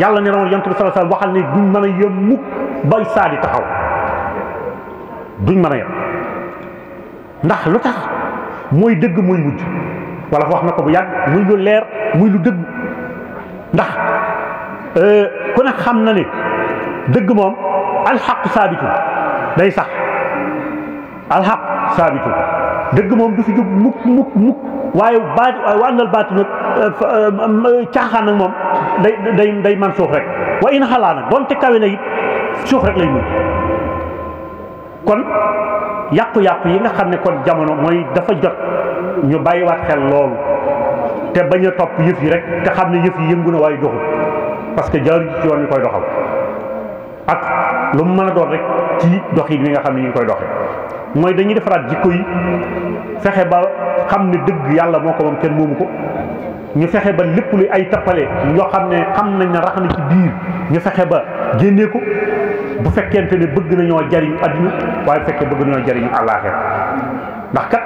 yàlla nee na woon yonent bi sallallahu alayhi ne duñ mën a yem mukk bay saadi taxaw duñ mën a yem ndax lu tax mooy dëgg mooy mujj wala wax na ko bu yàgg muy lu leer muy lu dëgg ndax euh, ku ne xam na ni dëgg moom alxaqu saabitu day sax alxaq saabitu dëgg moom du fi jóg mukk mukk mukk waaye baat wa annal baatu nag euh, euh, caaxaan nag moom day day day man suuf rek wa in xalaa nag doonte kawe na it suuf rek lay mujj kon yàqu-yàqu yi nga xam ne kon jamono mooy dafa jot ñu bàyyiwaat xel loolu te bañ a topp yëf yi rek te xam ne yëf yi yëngu na waaye doxul parce que jaaru ci yoon koy doxal ak lu mu mën a doon rek ci doxin wi nga xam ne ñu ngi koy doxee mooy dañuy defaraat jikko yi fexe ba xam ne dëgg yàlla moo ko moom kenn moomu ko ñu fexe ba lépp lu ay tappale ñoo xam ne xam nañ ne rax na ci biir ñu fexe ba génnee ko bu fekkente ne bëgg nañoo jariñu adduna waaye bu fekkee bëgg nañoo jariñu àllaaxira ndax kat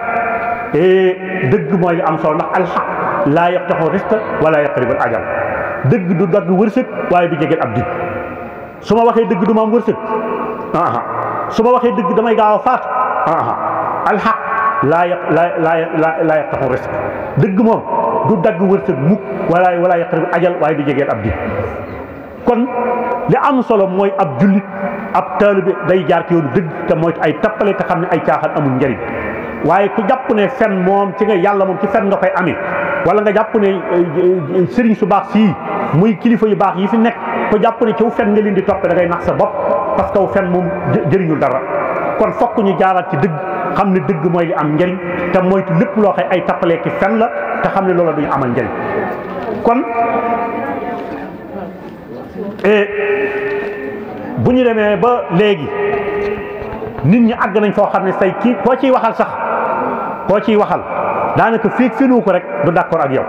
eh, dëgg mooy li am solo ndax alxaq laa yaqtaxu risqa wala yaqribul ajal dëgg du dagg wërsëg waaye du jegee ab di su ma waxee dëgg du ma wërsëg su ma waxee dëgg damay gaaw a faatu alxaq laa yaq laa laa yaq taxul risque dëgg moom du dagg wërsëg mukk wala wala yaqrib ajal waaye du jegeel ab di kon li am solo mooy ab jullit ab taalibe day jaar ci yoonu dëgg te mooy ay tappale te xam ne ay caaxaan amul njëriñ waaye ku jàpp ne fen moom ci nga yàlla moom ci fen nga koy amee wala nga jàpp ne eh, eh, sëriñ su baax sii muy kilifa yu baax yi fi nekk ku jàpp ne ci fen nga leen di toppee da nax sa bopp parce que fen moom jëriñul dara. kon fokk ñu jaaraat ci dëgg xam ne dëgg mooy li am njëriñ te moytu lépp loo xëy ay tappalee ki fen la te xam ne loola duñu amal njëriñ kon e, bu ñu demee ba léegi nit ñi àgg nañ foo xam ne say kii koo ciy waxal sax koo ciy waxal daanaka fii fi nuu ko rek du d'accord ak yow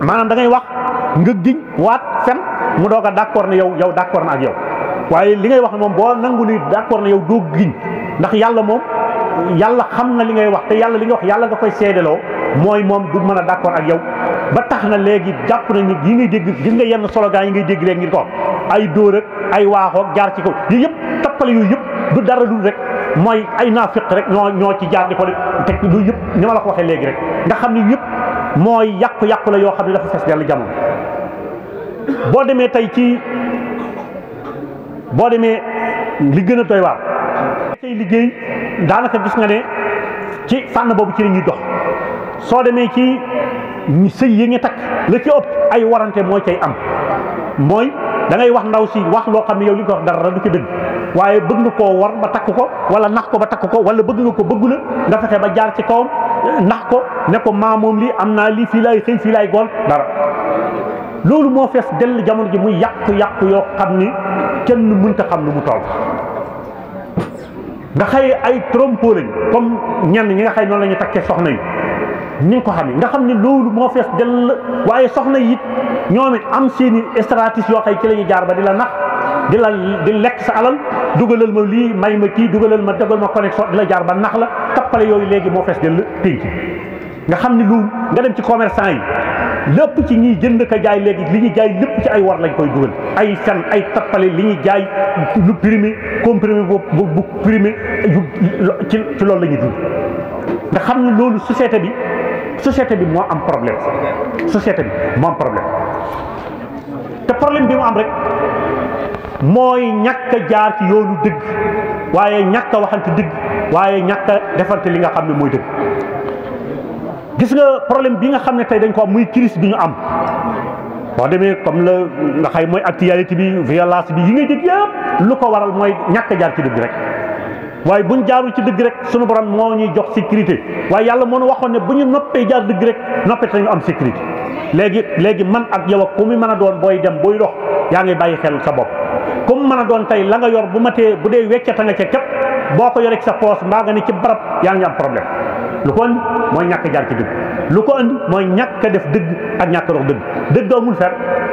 maanaam da wax nga giñ waat fen mu doog a d'accord ne yow yow d'accord na ak yow waaye li ngay wax moom boo nangu ni d'accord na yow doo giñ ndax yàlla moom yàlla xam na li ngay wax te yàlla li nga wax yàlla nga koy seedeloo mooy moom du mën a d'accord ak yow ba tax na léegi jàpp nañu yi ngay dégg gis nga yenn slogan yi ngay dégg léegi ngir ko ay dóor ak ay waaxoog jaar ci ko yooyu yëpp tappale yooyu yëpp du dara dul rek mooy ay naafiq rek ñoo ñoo ci jaar di ko teg yooyu yëpp ni ma la ko waxee léegi rek nga xam ne yëpp mooy yàqu-yàqu la yoo xam ne dafa fees dell jamono boo demee li gën a doy waar tey liggéey daanaka gis nga ne ci fànn boobu ci la ñuy dox soo demee ci ñu sëy yi nga takk la ci ëpp ay warante moo cay am mooy da wax ndaw si wax loo xam ne yow ñu nga wax dara du ci dëgg waaye bëgg nga koo war ba takk ko wala nax ko ba takk ko wala bëgg nga ko bëggu la nga fexe ba jaar ci kawam nax ko ne ko maa moom lii am naa lii fii laay xëy fii laay gool dara loolu moo fees dell jamono ji muy yàqu-yàqu yoo xam ni kenn mënta xam lu mu toll nga xëy ay trompo lañ comme ñenn ñi nga xëy noonu la ñu takkee soxna yi ñu nga ko xam nga xam ne loolu moo fees dell waaye soxna yi it ñoom it am seeni stratégie yoo xëy ci la ñuy jaar ba di la nax di la di lekk sa alal dugalal ma lii may ma kii dugalal ma degal ma connexion di la jaar ba nax la tappale yooyu léegi moo fees dell pénc nga xam ne lu nga dem ci commerçant yi lépp ci ñiy jënd ko jaay léegi li ñuy jaay lépp ci ay war lañ koy dugal ay san ay tappale li ñuy jaay lu primé comprimé bu bu primé ci ci loolu la ñuy dund nga xam ne loolu société bi société bi moo am problème société bi moo am problème te problème bi mu am rek mooy ñàkk jaar ci yoonu dëgg waaye ñàkk a waxante dëgg waaye ñàkk a defante li nga xam ne mooy dëgg gis nga problème bi nga xam ne tey dañ ko am muy crise bi ñu am boo demee comme la nga xay mooy actualité bi violence bi yi ngay dégg yëpp lu ko waral mooy ñàkk jaar ci dëgg rek waaye buñ jaarul ci dëgg rek suñu borom moo ñuy jox sécurité waaye yàlla moo ñu waxoon ne bu ñu noppee jaar dëgg rek noppee te am sécurité léegi léegi man ak yow ak ku mu mën a doon booy dem booy dox yaa ngi bàyyi xel sa bopp comme mën a doon tey la nga yor bu matee bu dee weccata nga ca képp boo ko yoree sa poos mbaa nga ne ci barab yaa problème lu ko andi mooy ñàkk jaar ci dëgg lu ko andi mooy ñàkk def dëgg ak ñàkk rox dëgg dëgg amul fer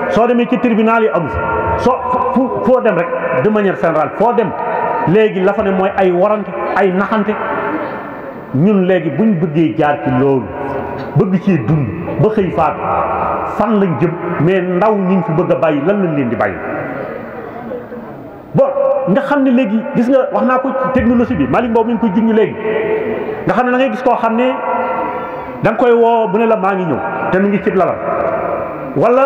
soo demee ci tribunal yi amul soo fu foo dem rek de manière foo dem léegi la fa ne mooy ay warante ay naxante ñun léegi buñ bëggee jaar ci loolu bëgg ci dund ba xëy faatu fan lañ jëm mais ndaw ñi fi bëgg a bàyyi lan lañ leen di bàyyi bon nga xam ne léegi gis nga wax naa ko technologie bi Malick Mbow mi ngi koy junj léegi nga xam ne da gis koo xam ne da nga koy woo bu ne la maa ngi ñëw te mu ngi cib lalam wala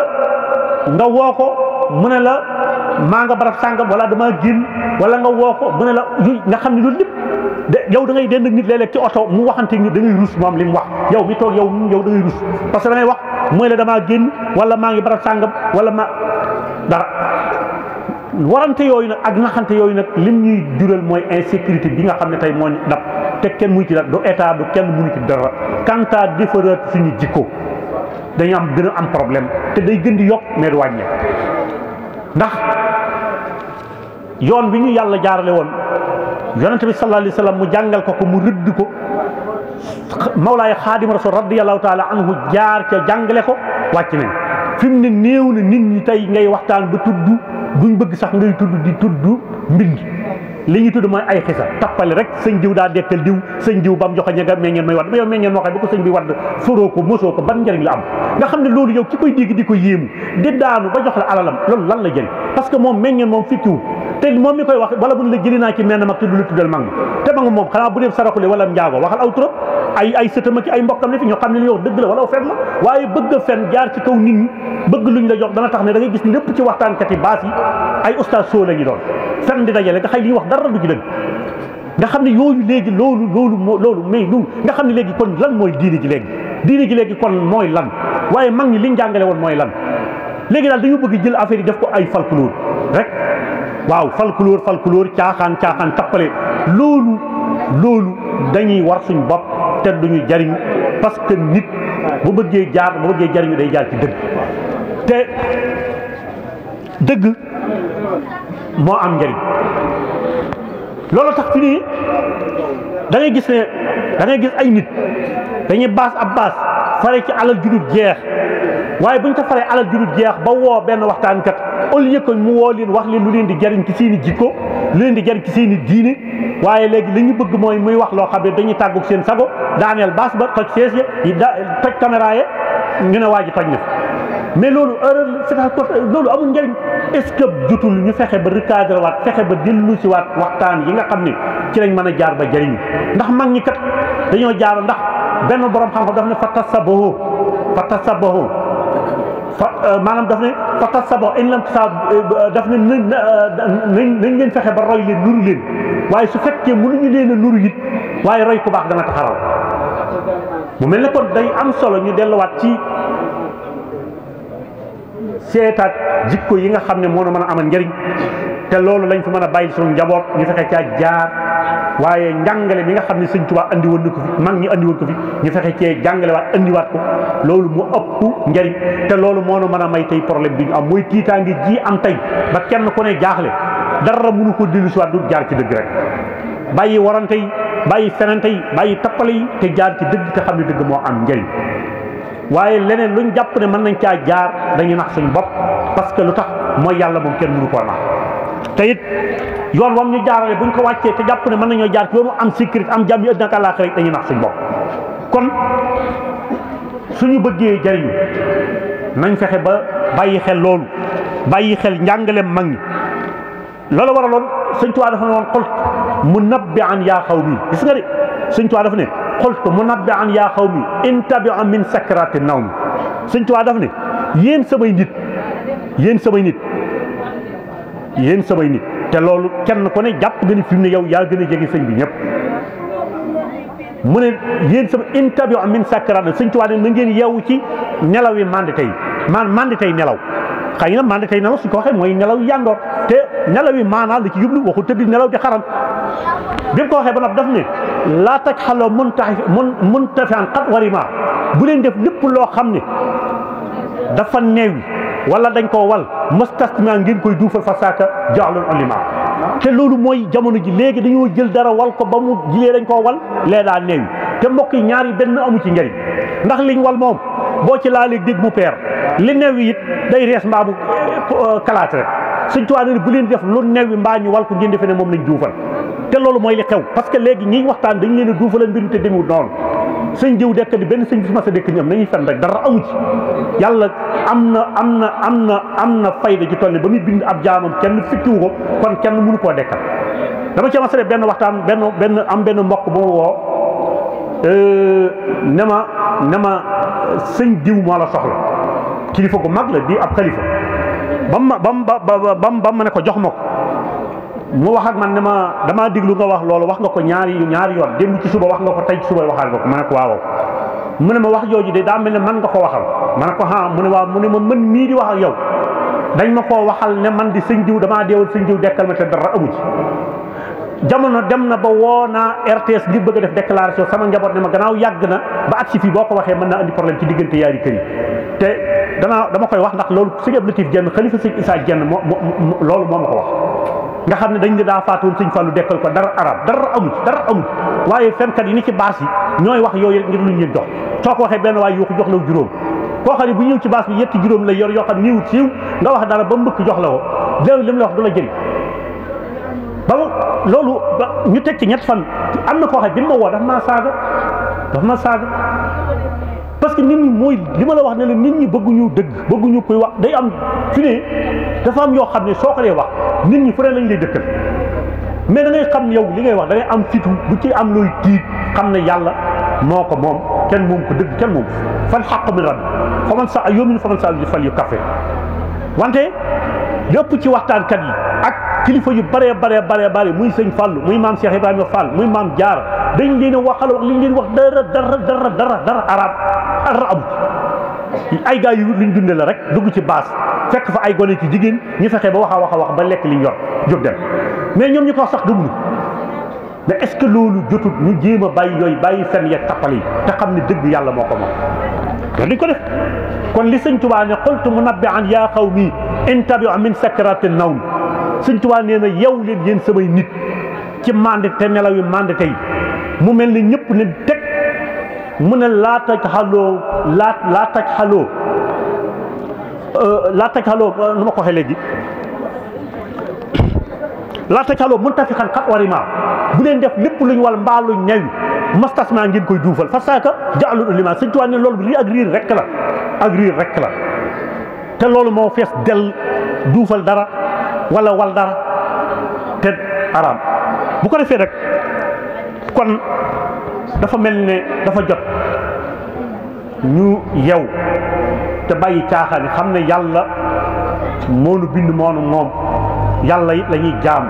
nga woo ko mu ne la maa nga barab sàngam wala damaa génn wala nga woo ko mu ne la nga xam ne loolu lépp de yow da ngay dend nit ci oto mu waxante nit da ngay moom li mu wax yow mi toog yow yow da ngay rus parce que wala maa ngi barab sàngam wala ma dara. warante yooyu nag ak naxante yooyu nag lim ñuy jural mooy insécurité bi nga xam ne tey moo ñu dab te kenn mënu ci dara du état du kenn ñu ci dara quant à defaraat suñu jikko dañu am gën a am problème te day gën di yokk mais du wàññi ndax yoon bi ñu yàlla jaarale woon yonente bi sallallahu alayhi mu jàngal ko ko mu rëdd ko Mawlaay Xaadim Rasul radiyallahu taala anhu jaar ca jàngale ko wàcc nañ fi mu ne néew na nit ñi tey ngay waxtaan ba tudd. duñ bëgg sax ngay tudd di tudd mbind li ñu tudd mooy ay xisa tappale rek sëñ diw daa dettal diw sëñ diw bam joxe nga meññeen meññeen moo xam ba ko sëñ bi wadd soroo ko mosoo ko ban njëriñ la am nga xam ne loolu yow ki koy dégg di ko yéemu di daanu ba jox la alalam loolu lan la jël parce que moom meññeen moom fikkiwu te moom mi koy wax wala mun la jëli naa ci menn mag te du la tuddal mag te mag moom xanaa ne fi ñoo xam dëgg la wala fen la waaye bëgg a fen jaar ci kaw nit ñi bëgg luñ la jox dana tax ne da ngay gis lépp ci waxtaankat yi baas yi ay dara du ci nga xam ne yooyu léegi loolu loolu moo loolu mais nga xam ne léegi kon lan mooy diine ji léegi diine ji léegi kon mooy lan waaye mag ñi liñ jàngale woon mooy lan léegi daal dañu bëgg jël affaire def ko ay folklore rek waaw folklore folklore caaxaan caaxaan tappale loolu loolu dañuy war suñ bopp te duñu jariñ parce que nit bu bëggee jaar bu bëggee jariñu day jaar ci dëgg dëgg moo am njëriñ loolu tax fi nii da ngay gis ne da gis ay nit dañuy baas ab baas fare ci alal judul jeex waaye buñ ko faree alal judul jeex ba woo benn waxtaankat au lieu que mu woo leen wax leen lu leen di jariñ ci seeni jikko lu leen di jariñ ci seeni diine waaye léegi li ñu bëgg mooy muy wax loo xam ne dañuy tàgguk seen sago daaneel baas ba toj sees ya toj caméra ya ñu ne waa ji toj na mais loolu erreur loolu amul njëriñ est-ce que jotul ñu fexe ba recadré waat fexe ba dellu si waat waxtaan yi nga xam ne ci lañ mën a jaar ba jëriñu ndax mag ñi kat dañoo jaaro ndax benn borom xam-xam daf ne fa tasabahu fa tasabahu fa euh, maanaam daf ne fa tasabahu in la sa euh, daf ne euh, nañ nañ leen fexe ba roy leen nuru leen waaye su fekkee mënuñu leen a nuru it waaye roy ku baax dana taxaraw mu mel ne kon day am solo ñu delluwaat ci seetaat jikko yi nga xam ne moo mën a amal njariñ te loolu lañ fi mën a bàyyi suñu njaboot ñu fexe caa jaar waaye njàngale mi nga xam ne sëñ Tuubaa andi woon na ko fi mag ñi andi ko fi ñu fexe cee jàngalewaat indiwaat ko loolu mu ëpp njëriñ te loolu moo mën a may tey problème bi ñu am mooy tiitaange ji am tey ba kenn ku jaaxle dara mënu ko dellu si waat du jaar ci dëgg rek bàyyi warante yi bàyyi fenante yi bàyyi tappale yi te jaar ci dëgg te xam ne dëgg moo am njëriñ waaye leneen luñ jàpp ne mën nañ caa jaar dañuy nax suñu bopp parce que lu tax mooy yàlla moom kenn mënu koo nax te it yoon wam ñu jaarale buñ ko wàccee te jàpp ne mën nañoo jaar ci yoonu am sécurité am jàmm yu ëdd nag àllaaxira kon suñu bëggee jariñu nañ fexe ba bàyyi xel loolu bàyyi xel njàngale mag ñi loolu waraloon sëñ Tuubaa dafa ne woon xol mu nabbi an yaa xaw mi gis nga de sëñ Tuubaa dafa ne qultu munabbi'an yaa qawmi intabi'u min sakrati nawm Sëñ Tuubaa daf ne yéen samay nit yéen samay nit yéen samay nit te loolu kenn ku ne jàpp nga ni fi yow yaa gën a jege sëñ bi ñëpp mu ne yéen sama intabi'u min sakrati Sëñ Tuubaa ne na ngeen yeewu ci nelaw yi màndi tey man màndi tey nelaw xay na maanaam tey nelaw suñ ko waxee mooy nelaw yàndoor te nelaw yi maanaam li ci jublu waxu tëdd nelaw di xaram bi mu ko waxee ba noppi daf ne laa taj xaloo mun tax mun mun tafaan xat bu leen def lépp loo xam ne dafa neew wala dañ koo wal mustasna ngir koy duufal fa saaka jaalul ulima te loolu mooy jamono ji léegi dañoo jël dara wal ko ba mu jilee dañ koo wal lee daa neew te mbokk yi ñaar benn amu ci njëriñ ndax liñ wal moom boo ci laaleeg dégg mu peer li new it day rees mbaa mu euh, kalaat rek suñ tubaab bu leen def lu new yi mbaa ñu wal ko ngeen defe ne moom lañ duufal te loolu mooy li xew parce que léegi ñiy waxtaan dañ leen a duufalal mbir mi te demewut noonu sëñ jiw dekk di benn sëñ bi su dekk sa dëkk ñoom ñuy fen rek dara amu ci yàlla am na am na am na am na fayda ci toll ba muy bind ab jaamam kenn fikkiwu ko kon kenn mënu koo dekkal dama ci ma sa benn waxtaan benn benn am benn mbokk bu ma Euh, ne ma ne ma sëñ diw moo la soxla kilifa gu mag la bii ab xalifa ba mu ba mu ba mu ba mu ne ko jox ma ko mu wax ak man ne ma damaa diglu nga wax loolu wax nga ko ñaari ñaari yoon démb ci suba wax nga ko tey ci suba waxaat ma ko waaw mu ne ma wax jooju de daa mel ne man nga ko waxal ma mu ne waaw mu ne ma mën mii di wax ak yow dañ ma koo waxal ne man di sëñ diw damaa deewal sëñ diw dekkal ma te dara amu ci jamono dem na ba woo naa RTS ngir bëgg a def déclaration sama njaboot ne ma gannaaw yàgg na ba ak si fii boo ko waxee mën naa andi problème ci diggante yaari kër yi te danaa dama koy wax ndax loolu sëñ Abdou Latif Diène xalifa sëñ Issa Diène moo loolu moo ma ko wax nga xam ne dañ ne daa faatoon sëñ Fallou dekkal ko dara arab dara amul dara amul waaye fenkat yi ni ci baas yi ñooy wax yooyu ngir luñ leen jox soo ko waxee benn waay yuuxu jox la juróom koo xam ne bu ñëw ci baas bi yetti juróom la yor yoo xam niwut siiw nga wax dara ba mbëkk jox la ko léegi li la wax du la jëriñ loolu ñu teg ci ñett fan am na koo xam bi ma woo daf maa saaga daf ma saaga parce que nit ñi mooy li ma la wax ne la nit ñi bëgguñu dëgg bëgguñu koy wax day am fi ne dafa am yoo xam ne soo ko dee wax nit ñi fu ne lañ lay dëkkal mais da xam yow li ngay wax dangay am fitu bu ci am looy tiit xam ne yàlla moo ko moom kenn moom ko dëgg kenn moom fan xàq min rabbi faman sa yóomin faman sa fal yu kafe wante lépp ci waxtaankat yi ak kilifa yu bare bare bare bare muy seigne fallu muy mam Cheikh ibrahim Fall muy mam jaar dañ leen waxal wax liñ leen wax dara dara dara dara dara arab arab ay gaay yu luñ dunde la rek dugg ci baas fekk fa ay gone ci jigen ñu fexe ba waxa waxa wax ba lek li yor jóg dem mais ñom ñuko sax gëmuñu mais est ce que loolu jotut ñu jema a bàyyi yooyu bàyyi fen ya tapali ta xamni deug yàlla moko mo dañ ko def kon li seigne touba ne qultu munabbi an yaa qawmi intabiu min sakratin nawm sëñ Tuubaa nee na yow leen yéen samay nit ci mandite nelaw yu mandite yi mu mel ni ñëpp ne teg mu ne laa taj xaloo laa laa taj xaloo euh, laa taj xaloo nu ma ko waxee xaloo mën tafi xan xat warima bu leen def lépp luñ wal mbaalu ñaw mastasment ngeen koy duufal fa saaka jaalul ulima sëñ Tuubaa ne loolu rii ak rek la ak la te loolu moo fees del duufal dara wala wal dara te araam bu ko defee rek kon dafa mel ne dafa jot ñu yew te bàyyi ni xam ne yàlla moonu bind moonu moom yàlla yit la ñuy jaam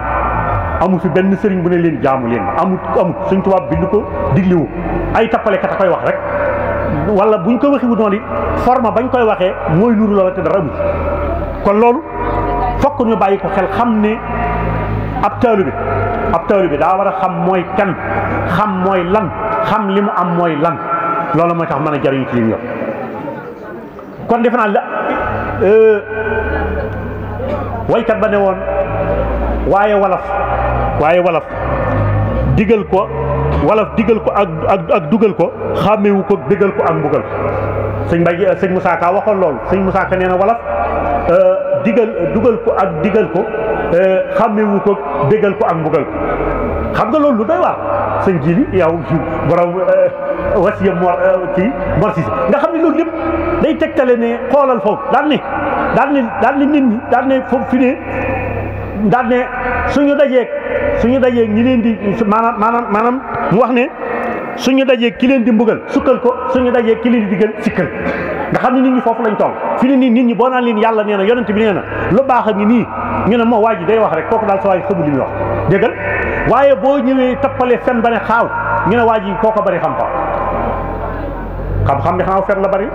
amu benn sëriñ bu ne leen jaamu leen amut amut suñ tubaab bind ko digliwu ay tappalekat a koy wax rek wala buñ ko waxi wu noonu it forme bañ koy waxee mooy nuru loola te dara amut kon loolu fokk ñu bàyyi ko xel xam ne ab bi ab bi daa war a xam mooy kan xam mooy lan xam li mu am mooy lan loolu mooy tax mën a jariñu ci li ñu yor kon defe naa la euh, waykat ba ne woon waaye wolof waaye wolof digal ko wolof digal ko ak ak dugal ko xàmmewu ko dëggal ko ak mbugal sëñ Mbay sëñ Musaa Ka waxoon loolu sëñ Musaa Ka nee na wolof euh, digal dugal ko ak digal ko eh, xàmmewu ko déggal ko ak mbugal ko xam nga loolu lu doy waar sëñ ji li yow borom eh, wasiya mor kii mor si nga xam ne loolu lépp day teg tale ne xoolal foofu daan ne daan ne daan ne nit ñi foofu fi ne daan ne suñu dajeeg suñu dajeeg ñi leen di maanaam maanaam maanaam mu wax ne suñu dajeeg ki leen di mbugal sukkal ko suñu dajeeg ki leen di digal sikkal nga xam ne nit ñi foofu lañ toll fi ne nii nit ñi boo naan leen yàlla nee na yonent bi nee na lu baax a ngi nii ñu ne moo waa ji day wax rek kooku daal sa waa ji xamul li muy wax déggal waaye boo ñëwee tappalee fen ba ne xaaw ñu ne waa ji kooko bari xam-xam xam-xam bi xaaw fen la bari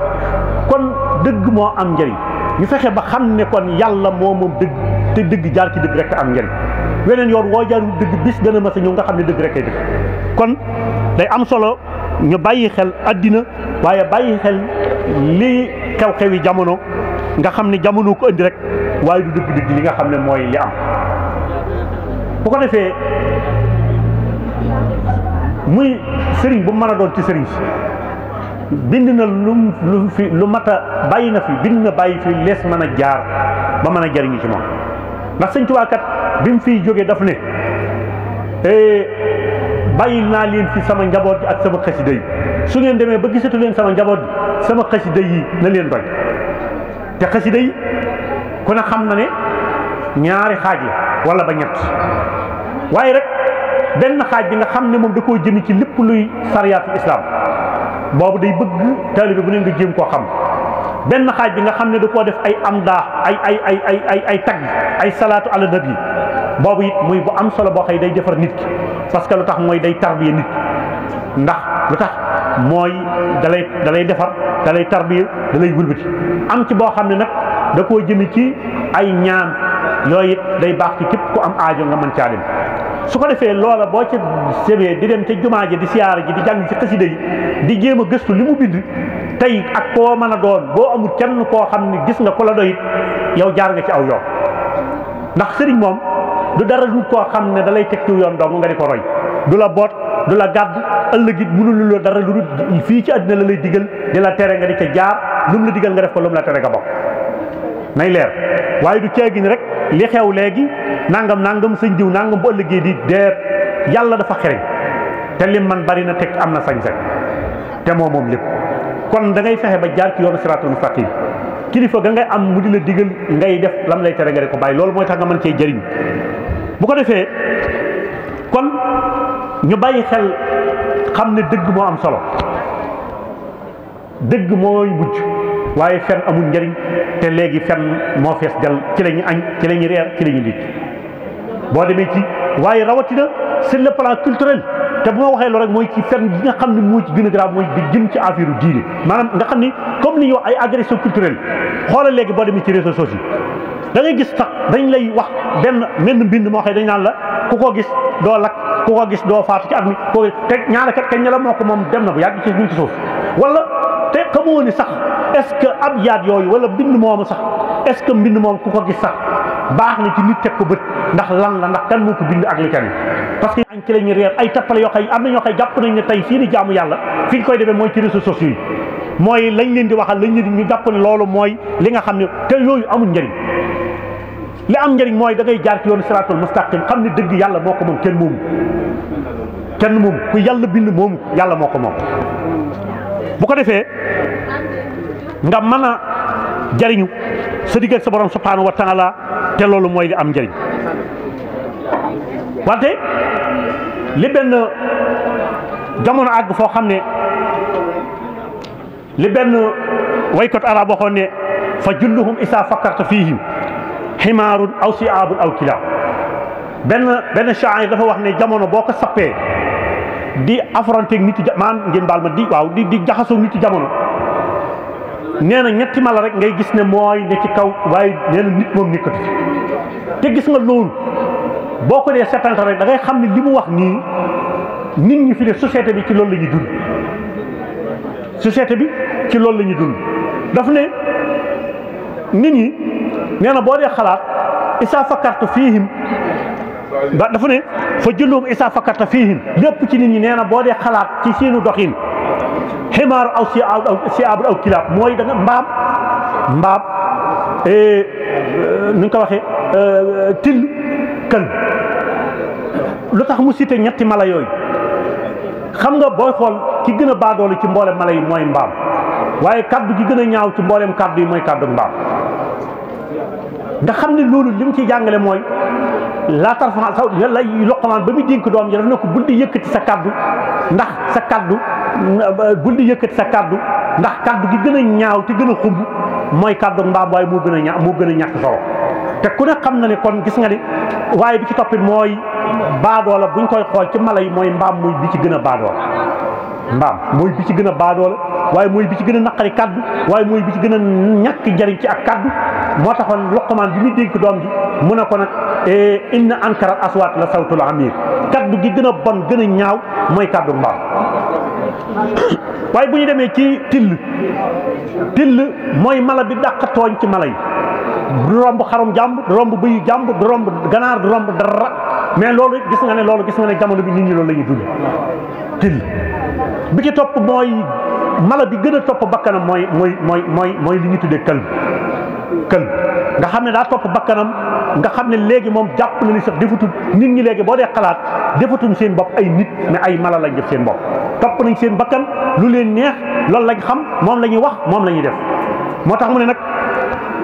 kon dëgg moo am njëriñ ñu fexe ba xam ne kon yàlla moo moom dëgg te dëgg jaar ci dëgg rek am njëriñ weneen yoon woo jaar dëgg bis dana ma a ñëw nga xam ne dëgg rek ay ñu bàyyi xel àddina waaye bàyyi xel lii xew-xewi jamono nga xam ne jamono ko indi rek waaye du dëgg-dëgg li nga xam ne mooy li am bu ko defee muy sëriñ bu mën a doon ci sëriñ si bind na lu lu fi lu mat a bàyyi na fi bind na bàyyi fi lees mën a jaar ba mën a jariñu ci moom ndax sëñ Tuubaa bi mu fiy jógee daf ne eh, bàyyil naa leen ci sama njaboot gi ak sama xasida yi su ngeen demee ba gisatu leen sama njaboot gi sama xasida yi na leen doy te xasida yi ku ne xam na ne ñaari xaaj la wala ba ñett waaye rek benn xaaj bi nga xam ne moom da koo jëmi ci lépp luy sariyaatul islam boobu day bëgg taalibe bu ne nga jéem koo xam benn xaaj bi nga xam ne da koo def ay amdaa ay ay ay ay ay ay tagg ay salaatu ala nabi boobu it muy bu am solo boo xëy day defar nit ki parce que lu tax mooy day tarbiya nit ndax lu tax mooy dalay dalay defar dalay tarbiya dalay wëlbati am ci boo xam ne nag da koo jëmi ci ay ñaan yooyu day baax ci képp ku am aajo nga mën caa dem su ko defee loola boo ca sebee di dem ca jumaa ji di siyaara ji di jàng ci xasida yi di jéem a gëstu li mu bind tey ak koo mën a doon boo amul kenn koo xam ne gis nga ku la doyit yow jaar nga ci aw yoon ndax sëriñ moom du dara du koo xam ne dalay teg ci yoon doom nga di ko roy du la boot du la gàdd ëllëg it mënul loo dara lu dul fii ci àddina la lay digal di la tere nga di ca jaar lu mu la digal nga def ko lu mu la tere nga bokk nay leer waaye du ceegi ni rek li xew léegi nangam nangam sëñ diw nangam bu ëllëgee di deer yàlla dafa xereñ te lim man bari na teg am na sañ-sañ te moo moom lépp kon da ngay fexe ba jaar ci yoonu siraatul mustaqim kilifa ga ngay am mu di la digal ngay def lam lay tere nga ko bàyyi loolu mooy tax nga mën cee jëriñ bu ko defee kon ñu bàyyi xel xam ne dëgg moo am solo dëgg mooy mujj waaye fen amul njariñ te léegi fen moo fees del ci la ñu añ ci la ñu reer ci la ñu ndékki boo demee ci waaye rawatina c'est le plan culturel te bu ma waxee loolu rek mooy ci fen gi nga xam ne moo ci gën a grave mooy di jëm ci affaire diine maanaam nga xam ni comme li ñuy wax ay agression culturel xoolal léegi boo demee ci réseaux sociaux dangay gis sax dañ lay wax benn menn mbind moo xëy dañ naan la ku ko gis doo lakk ku ko gis doo faatu ci at mi koo te ñaar kat kañ ne la moo ko moom dem na bu yàgg ci ñu ci wala te xamoo ni sax est-ce que ab yaat yooyu wala mbind moomu sax est-ce que mbind moom ku ko gis sax baax na ci nit teg ko bët ndax lan la ndax kan moo ko bind ak li kenn parce que añ ci ay tappale yoo xëy am na ñoo xëy jàpp nañ ne tey fii ni jaamu yàlla fi ñu koy defee mooy ci réseaux sociaux mooy lañ leen di wax lañ leen ñu jàpp ne mooy li nga xam ne te yooyu amul njëriñ li am njëriñ mooy da ngay jaar ci yoonu siraatul mustaqim xam ne dëgg yàlla moo ko moom kenn moomu kenn moomu ku yàlla bind moomu yàlla moo ko moom bu ko defee nga mën a jariñu sa digg ak sa borom subhanahu wa taala te loolu mooy li am njëriñ wante li benn jamono àgg foo xam ne li benn waykat arab waxoon ne fa julluhum isa fakkarta fiihim ximaarun aw si aabun aw kilaab benn benn shaayir dafa wax ne jamono boo ko sappee di affronté nit yi maanaam ngeen baal ma di waaw di di jaxasoo nit jamono nee na ñetti mala rek ngay gis ne mooy ne ci kaw waaye nee na nit moom nekkatu te gis nga loolu boo ko dee seetante rek da xam ne li mu wax nii nit ñi fi ne société bi ci loolu lañuy ñuy dund bi ci loolu lañuy ñuy dund ne nit ñi. nee na boo dee xalaat isa fakkartu fiihim ba dafa ne fa jullum isa fakkarta fiihim lépp ci nit ñi nee na boo dee xalaat ci seenu doxin ximaaru aw si aw aw kilaab mooy da mbaam mbaam eh, eh, nu ñu ko waxee eh, till kël lu tax mu cité ñetti mala yooyu xam nga booy xool ki gën a baadoolu ci mboolem mala yi mooy mbaam waaye kaddu gi gën a ñaaw ci mboolem kaddu yi mooy kaddu mbaam nga xam ne loolu li mu ciy jàngale mooy laa tarfa saw la loqamaan ba muy dénk doom ji daf ne ko bul di yëkkati sa kaddu ndax sa kaddu bul di yëkkati sa kaddu ndax kaddu gi gën a ñaaw te gën a xumb mooy kaddu mbaam waaye moo gën a ña moo gën a ñakk solo te ku ne xam na ne kon gis nga ni waaye bi ci toppit mooy baadoola buñ koy xool ci mala yi mooy mbaam muy bi ci gën a baadoola mbaam moy bi ci gëna a baadoole waaye mooy bi ci gëna nakari kaddu way moy bi ci gëna a jariñ ci ak kaddu mo taxon loqamaan bi muy dénk doom ji mu ne ko e eh, in ankara aswat la sawtul amir kaddu gi gëna bon gëna ñaaw moy kaddu mbaam way bu ñu demee ci til til moy mala bi dakk toñ ci malay romb xarum jamb du romb bëyu jamb du romb ganar romb dara mais lolu gis nga ne lolu gis nga ne jamono bi nit ñi lolu la dund bi ci topp mooy mala bi gën a topp bakkanam mooy mooy mooy mooy mooy li ñu tuddee kël kël nga xam ne daa topp bakkanam nga xam ne léegi moom jàpp na ni sax defatul nit ñi léegi boo dee xalaat defatuñ seen bopp ay nit mais ay mala lañ def seen bopp topp nañ seen bakkan lu leen neex loolu lañ xam moom la ñuy wax moom la ñuy def moo tax mu ne nag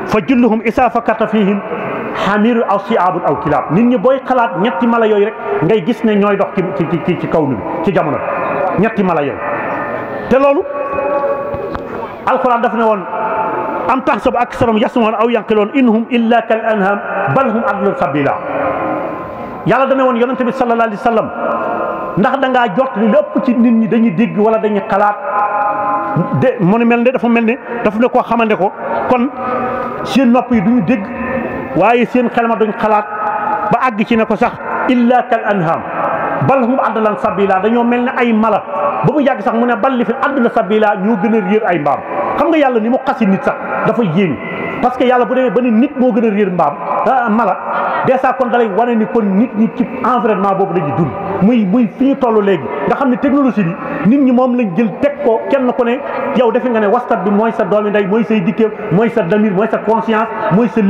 fa julluhum isaa fakkarta fihim xamiru aw siaabun aw kilaab nit ñi booy xalaat ñetti mala yooyu rek ngay gis ne ñooy dox ci ci ci kaw bi ci jamono ñetti mala yow te loolu alxuraan daf ne woon am taxsab aksarum yasmaun aw yanqiloon inhum illa kal anham bal hum adlu sabila yàlla dane woon yonente bi sallallahu alayhi wa sallam ndax da ngaa jot lépp ci nit ñi dañuy dégg wala dañuy xalaat de mu ne mel ne dafa mel ni dafa ne koo xamante ko kon seen nopp yi duñu dégg waaye seen xel ma xalaat ba àgg ci ne ko sax illa kal anham bal hum adlan sabila dañoo mel ne ay mala ba mu yàgg sax mu ne bal li fi adlan sabila ñoo gën a réer ay mbaam xam nga yàlla ni mu xasi nit sax dafa yéemi parce que yàlla bu demee ba ni nit moo gën a réer mbaam ah, mala dèjà kon dalay wane ni kon nit ñi ci environnement boobu la ñu muy muy fi ñu toll léegi nga xam ne technologie bi nit ñi moom lañ jël teg ko kenn ku ne yow defe nga ne wastat bi mooy sa doomi ndey mooy say dikkee mooy sa damir mooy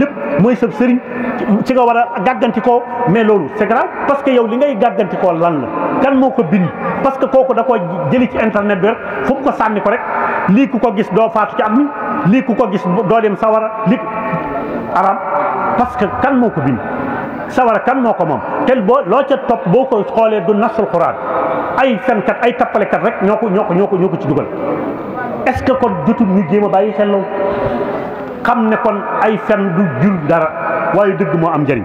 lépp mooy sa sëriñ ci nga a gàggantikoo mais loolu c'est grave parce que yow li loolu lan la kan moo ko bind parce que kooku da koo jëli ci internet bi rek fu ko sànni ko rek lii ku ko gis doo faatu ci am ni lii ku ko gis doo dem sawara lii arab parce que kan moo ko bind sawara kan moo ko moom tel boo loo ca topp boo ko xoolee du nasul xuraan ay fenkat ay tappalekat rek ñoo ko ñoo ko ñoo ko ñoo ko ci dugal est-ce kon jotul ñu jéem a bàyyi xel loolu xam ne kon ay fen du jur dara waaye dëgg moo am njëriñ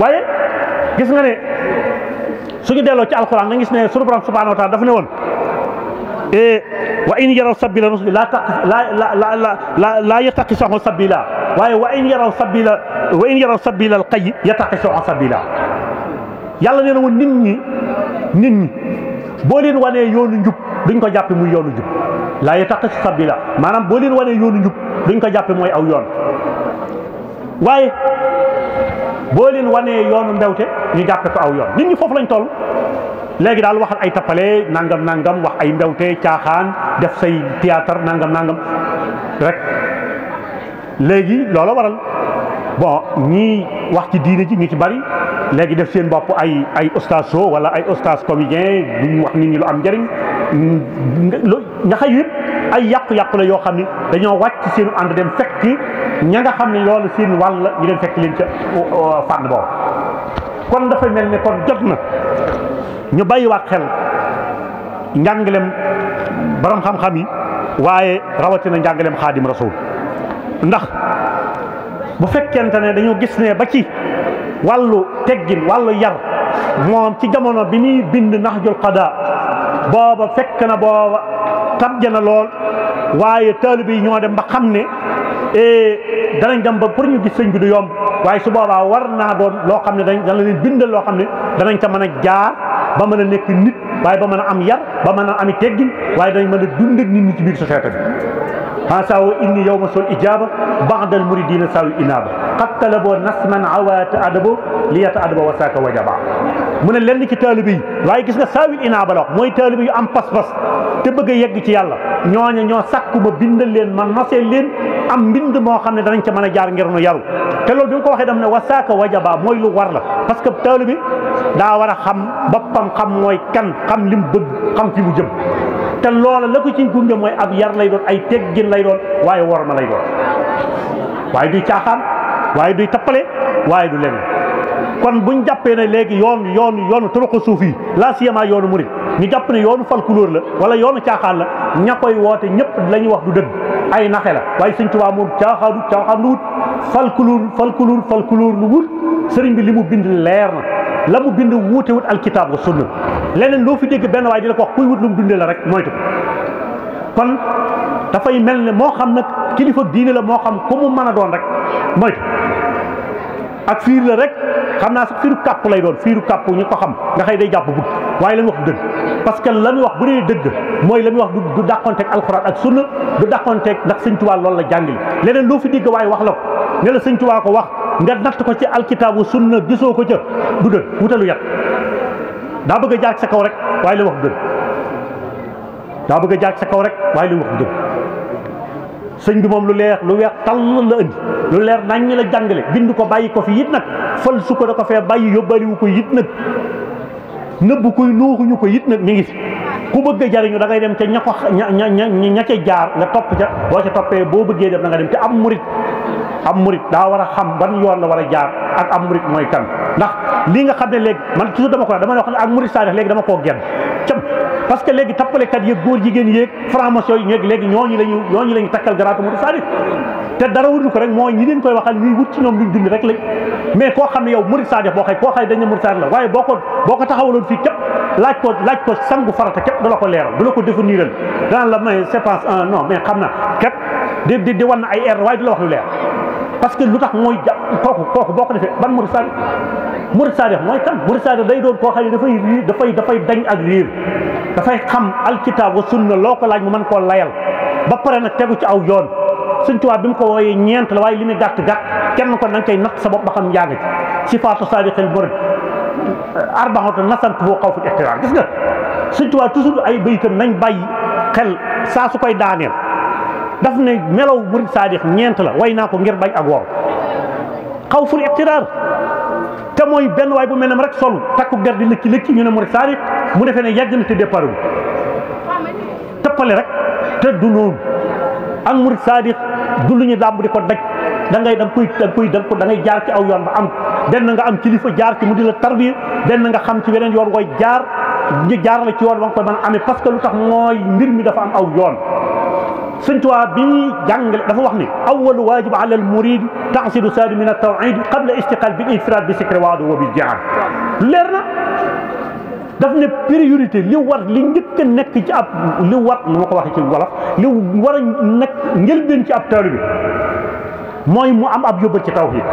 waaye gis nga ne su suñu delloo ci alquran da gis ne sunu borom subhanahu wa taala dafa ne woon e wa in yaraw sabila laa taq laa la la la la laa yataqi soxna sabila waaye wa in yaraw sabila wa in yaraw sabila alqay yataqi soxna sabila yàlla nee na woon nit ñi nit ñi boo leen wanee yoonu njub duñ ko jàppe muy yoonu njub laa yataqi sabila maanaam boo leen wanee yoonu njub duñ ko jàppe mooy aw yoon waaye boo leen wanee yoonu mbewte ñu jàppe ko aw yoon nit ñi foofu lañu toll léegi daal waxal ay tappale nangam nangam wax ay mbewte caaxaan def say théâtre nangam nangam rek léegi loola waral bon ñii wax ci diine ji ñu ci bari léegi def seen bopp ay ay ostaas wala ay ostaas comédien duñ wax nit ñi lu am njariñ nga xay ay yàqu-yàqu la yoo xam ni dañoo wàcc seenu ànd dem fekk ña nga xam ne loolu seen wàll ñu leen fekk leen ca fànn boobu kon dafa mel ne kon jot na ñu bàyyiwaat xel njàngalem boroom xam-xam yi waaye rawatina njàngalem xaadim rasul ndax bu fekkente ne dañu gis ne ba ci wallu teggin wàllu yar moom ci jamono bi ñuy bind naxjul qadaa booba fekk na booba tabja na lool waaye taalibe yi ñoo dem ba xam ne. Eh, danañ dem ba pour ñu gis sëñ bi du yomb waaye su boobaa war naa doon loo xam ne dañ dana leen bindal loo xam ne danañ ca mën a jaar ba mën a nekk nit waaye ba mën a am yar ba mën a ami teggin waaye dañ mën a dund ak nit ñi ci biir société bi hansa wo inni yawma sol ijaba baadal muridina sawi inaba xattala boo nasman awata adabo liyata adabo wasaka wajaba mu ne lenn ci taalibe yi waaye gis nga saawil inaa bala wax mooy taalibe yu am pas-pas te bëgg a yegg ci yàlla ñooña ñoo sàkku ma bindal leen ma nasee leen am mbind moo xam ne danañ ca mën a jaar ngir nu yaru te loolu bi nga ko waxee dam ne wasaaka wajaba mooy lu war la parce que taalibe daa war a xam ba pam xam mooy kan xam li mu bëgg xam fi mu jëm te loola la ko ciy gunge mooy ab yar lay doon ay teggin lay doon waaye war ma lay doon waaye duy caaxaan waaye duy kon buñ jàppee ne léegi yoon yoon yoonu turuqu suuf yi laa siyamaa yoonu murit ñu jàpp ne yoonu fal couleur la wala yoonu caaxaan la ña koy woote ñëpp la ñuy wax du dëgg ay naxe la waaye sëñ Tuubaa moom caaxaanu caaxaan lu wut fal couleur fal couleur fal couleur lu wut sëriñ bi li mu bind leer na la mu bind wuute wut alkitaab wa sunna leneen loo fi dégg benn waaye di la ko wax kuy wut lu mu dundee la rek mooy moytu kon dafay mel ne moo xam nag kilifa diine la moo xam ku mu rek ak fiir la rek xam naa sax fiiru kàpp lay doon fiiru kàpp ñu ko xam nga xay day jàpp bugg waaye lañ wax du dëgg parce que lañ wax bu dee dëgg mooy lañ wax du dàqonteeg alxuraan ak sunna du dàqonteeg ndax sëñ lool loolu la jàngale leneen loo fi dégg waaye wax la ko ne la sëñ ko wax nga natt ko ci alkitaabu sunna gisoo ko ca du dëgg wutalu yat daa bëgg a jaar sa kaw rek waaye lañ wax du dëgg daa bëgg a jaar sa kaw rek waaye lañ wax du sëñ bi moom lu leer lu weex tall la indi lu leer nañ la jàngale bind ko bàyyi ko fi it nag fal su ko da ko fee bàyyi yóbbaaliwu ko yit nag nëbb koy nooxuñu ko it nag ñu ngi fi ku bëgg jariñu da ngay dem ca ña ko ña ña ña ca jaar nga topp ca boo ca toppee boo bëggee dem da dem ca am murit am murit daa war a xam ban yoon la war a jaar ak am murit mooy kan ndax lii nga xam ne léegi man toujours dama ko dama wax ne ak murit saa léegi dama koo genn cëm parce que léegi tappalekat yëeg góor jigéen yéeg franc-maçon yi léegi ñooñu lañu ñooñu lañu takkal garaatu murit saa te dara wutu ko rek mooy ñi leen koy waxal ñuy wut ci ñoom luñ dund rek lañ mais koo xam ne yow murit saa boo xay koo xay dañ ne murit saa la waaye boo ko ko taxawaloon fii képp laa ko laaj ko sangu farata képp ko leeral du ko définiral daan la may c'est pas un non mais xam na képp di di wan la wax parce que lu tax mooy ja kooku kooku boo ko defee ban murid saadix murid saadix mooy kan murid saadix day doon koo xam ne dafay dafay dafay dañ ak riir dafay xam alkitaab wa sunna loo ko laaj mu mën koo layal ba pare na tegu ci aw yoon suñ tubaab bi mu ko wooyee ñeent la waaye li muy gàtt gàtt kenn ko na nga koy natt sa bopp ba xam njàng ci sifaatu saadixil murid arbaxatu nasantu boo xaw fi ixtiraar gis nga suñ waa toujours ay baytam nañ bàyyi xel saa su koy daaneel daf ne melaw murid saadix ñeent la way naa ko ngir bañ ak wow fur iqtiraar te mooy benn waay bu mel ne rek solu takku gar di lëkki lëkki ñu ne murid saadix mu defee ne yàgg na te départ bi tëppale rek te du noonu ak murid saadix du lu ñu dàmb di ko daj da ngay da koy da koy da ngay jaar ci aw yoon ba am benn nga am kilifa jaar ci mu di la tarbiya benn nga xam ci weneen yoon koy jaar ñu jaarale ci yoon wa nga koy mën a amee parce que lu tax mooy mbir mi dafa am aw yoon sëñ Tuubaa bi ñuy jàngale dafa wax ni awalu waajib ala al murid taxsidu saadi min al tawxid qabla istiqal bil infiraad bi sikri waadu wa bi jaar leer na daf ne priorité li war li njëkk a nekk ci ab li war nu ma ko waxee ci wolof li war a nekk njëlbeen ci ab taalibe bi mooy mu am ab yóbbal ci tawxiid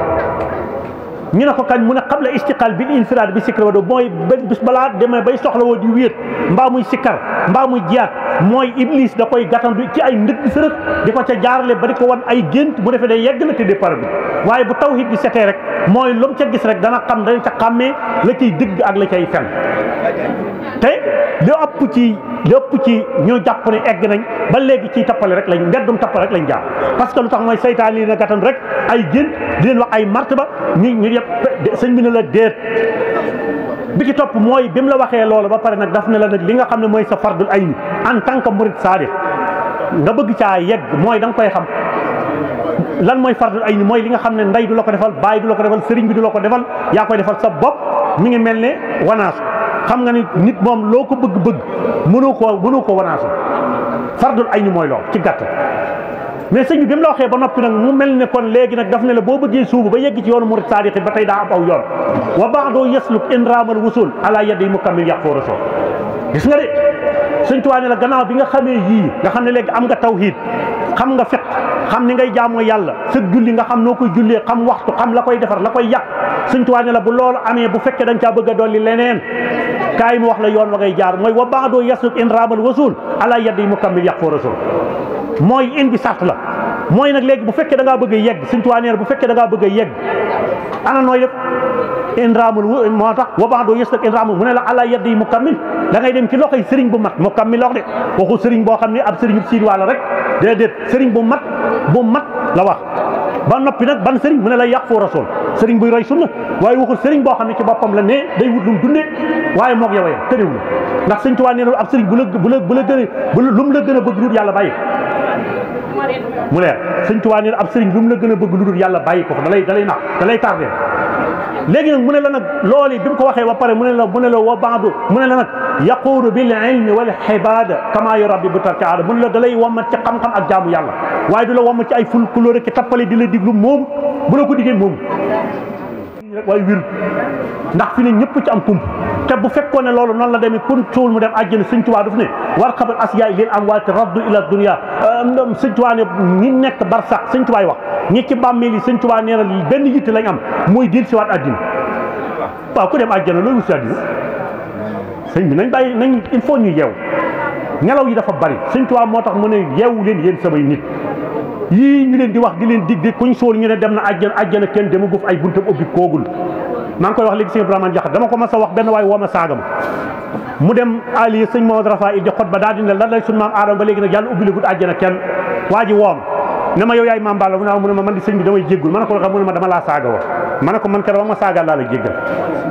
ñu ne ko kañ mu ne qabla istiqaal bil infiraad bi sikkar wado mooy balaa demee bay soxlawoo di wéet mbaa muy sikkar mbaa muy jiyaat mooy iblis da koy gàttandu ci ay ndëgg sërëg di ko ca jaarale ba di ko wan ay gént bu defee day yegg na te départ bi waaye bu taw tawhid bi setee rek mooy lu mu ca gis rek dana xam dana ca xàmmee la cay dëgg ak la cay fen te li ëpp ci li ëpp ci ñu jàpp ne egg nañ ba léegi ciy tappale rek lañ mbeddum tappale rek lañ jaar parce que lu tax mooy seytaan lii na gàttandu rek ay gént di leen wax ay martaba sëñ bi ne la déet bi ci topp mooy bi mu la waxee loolu ba pare nag daf ne la nag li nga xam ne mooy sa fardul ay en tant que murid saadiq nga bëgg caa yegg mooy da nga koy xam lan mooy fardul ayni mooy li nga xam ne ndey du la ko defal baay du la ko defal sëriñ bi du la ko defal yaa koy defal sa bopp mi ngi mel ne wanaas xam nga ni nit moom loo ko bëgg-bëgg mënoo koo mënoo ko wanaasu fardul ayni mooy loolu ci gàtta mais seigne bi mu la waxe ba nopi nak mu melni kon legui nak daf ne la bo beugé soubu ba yegg ci yoonu mourid saadiqi ba tay da am aw yoon wa ba'du yasluk in raamal wusul ala yadi mukammil yàq foo rasul gis nga de seigne Tuubaa ne la gannaaw bi nga xamé yi nga xamné legui am nga tawhid xam nga fiq xam ni ngay jamo yàlla sa julli nga xam nokoy julle xam waxtu xam la koy defar la koy yak seigne Tuubaa ne la bu lol amé bu fekke dañ ca bëgg doli dolli leneen kaay mu wax la yoon wa ngay jaar moy wa ba'du yasluk in raamal wusul ala yadi mukammil yàq foo rasul mooy indi sart la mooy nag léegi bu fekkee da ngaa bëgg a yegg suñ tuwaa neer bu fekkee da ngaa bëgg a yegg ana nooy def indraamul moo tax wa baax doo yës nag indraamul mu ne la ala yedd yi mu kammil da ngay dem ci loxoy sëriñ bu mat mu kammil lox de waxu sëriñ boo xam ne ab sëriñu siin wàlla rek déedéet sëriñ bu mat bu mat la wax ba noppi nag ban sëriñ mu ne la yàq foo rasul sëriñ buy roy sunna waaye waxul sëriñ boo xam ne ci boppam la ne day wut lu mu dundee yow yam ndax sëriñ tuwaa nee sëriñ bu la bu bu a lu la gën a bëgg yàlla bàyyi mu leer sëñ Tuubaa nee ab seigne bimu la gëna bëgg luddul yàlla bayiko fa da lay da lay nax da lay tardé légui nak mu ne la nak loolu bimu ko waxé ba pare mu ne la mu ne la wa baadu mu ne la nak yaqulu bil ilmi wal hibad kama yurabbi bi tarki aada mu ne la da lay wommat ci xam-xam ak jaamu yàlla waaye du la wam ci ay ful kulóore ki tapalé di la diglu mom bu la ko diggee mom rek waaye wér ndax fi ne ñëpp ci am pump te bu fekkoon ne loolu noonu la demee pour coowul mu dem àjjana sëñ Tuubaa daf ne war xamal as yaay leen am waaye te raddu ila dunia euh, sëñ Tuubaa ne ñi nekk barsax sëñ Tuubaa wax ñi ci bàmmeel yi sëñ Tuubaa nee na benn yitte lañ am mooy dil siwaat àddina waaw ku dem àjjana loolu si àddina sëñ bi nañ bàyyi nañ il faut ñu yeew ñelaw yi dafa bari sëñ Tuubaa moo tax mu ne yeewu leen yéen samay nit yii ñu leen di wax di leen dig di kuñ suul ñu ne dem na àjjana àjjana kenn demu guf ay buntam ubbi koogul maa koy wax léegi sëñ Ibrahima Diakhat dama ko mas a wax benn waay woo ma mu dem Aliou sëñ Maodo Rafa il di xot ba daal di ne lan lay suñ maam aadama ba léegi nag yàlla ubbi la gudd àjjana kenn waa ji woom ne ma yow yaay maam Balla mu ne ah, ma man di sëñ bi damay jéggul ma ne ko xam mu ne ma dama laa saaga woon ma ne ko man keroog la jéggal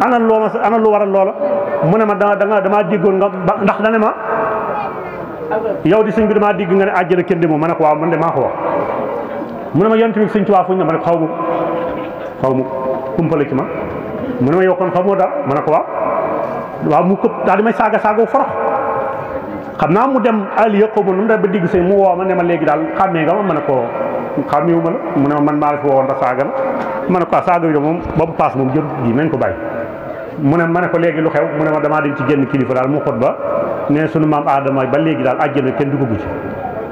ana loo ma ana lu waral loola mu ne ma yow di sëñ bi damaa digg nga ne àjjana kenn demoo ma ne ko waaw man de maa ko wax mu ne ma yonent bi sëñ Tuubaa fuñ ne ma ne xaw ma xaw ma kumpale ci ma mu ne ma yow kon xamoo ko waaw waaw mu këpp daal di may saaga saaga forox xam naa mu dem Aliou yëpp mu nu mu def ba digg sëñ mu woo ma ne ma léegi daal xàmmee nga ma ma ne ko xàmmeewu ma la mu ne ma man maa la fi woowoon da saaga la ma ne ko saaga bi de ba mu paas moom jërut ji nañ ko bàyyi. mu ne ma ne ko léegi lu xew mu ne ma damaa dem ci génn kilifa daal mu xutba ne sunu maam Adama ba léegi daal àjjana kenn du ko gis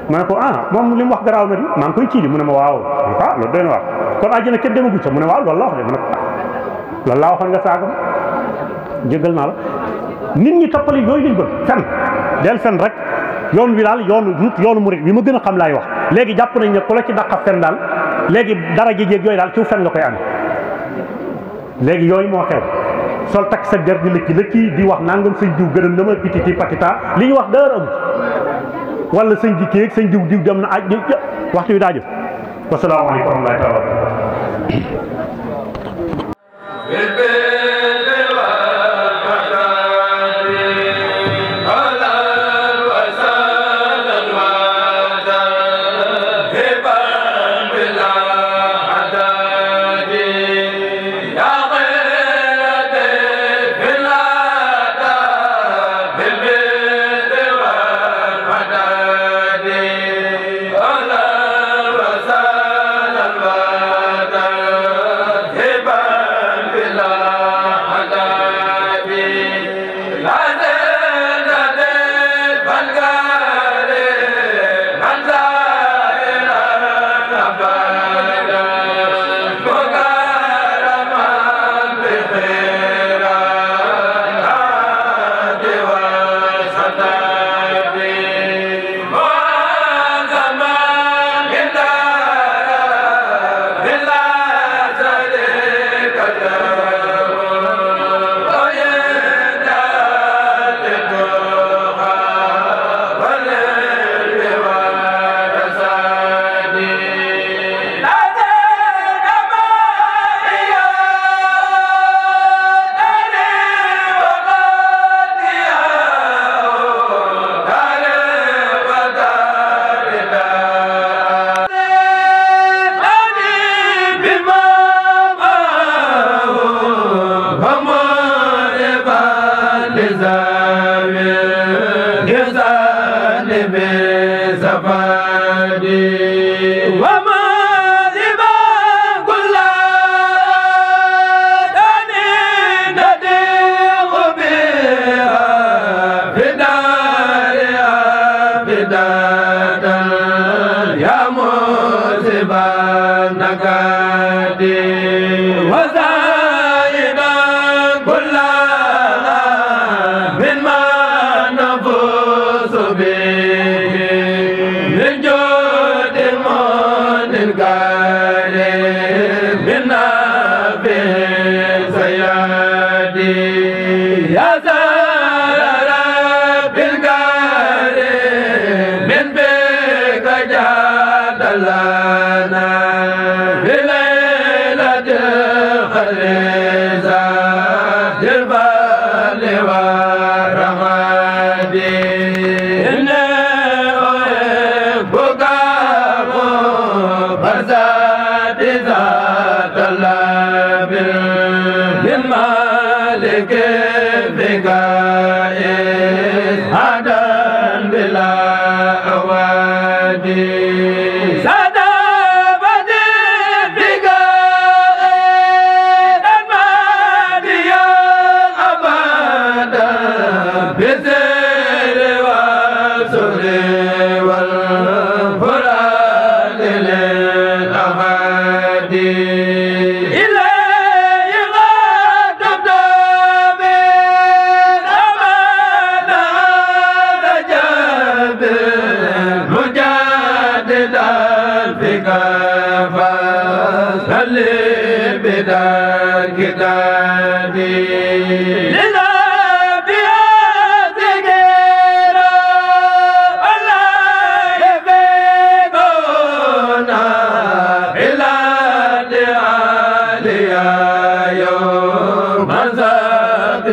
ma ne ko ah moom li mu wax garaaw na di maa ngi koy kii di mu ne ma waaw ah loolu doy na waar kon àjjana kenn demagu ca mu ne waaw loolu la wax de ma ne ko loolu laa waxoon nga saagam jéggal naa la nit ñi toppali yooyu lañ bëgg fen del fen rek yoon wi daal yoonu nit yoonu murit wi ma gën a xam laay wax léegi jàpp nañ ne ku la ci dàqa fen daal léegi dara ji jéeg yooyu daal ci fen nga koy am léegi yooyu moo xew sol takk sa jar di lëkki lëkki di wax nangam sëñ diw gërëm na ma pititi patita li ñu wax dara amul wala sëñ di kéeg sëñ diw diw dem na aj waxtu bi daa jëf wasalaamaaleykum wa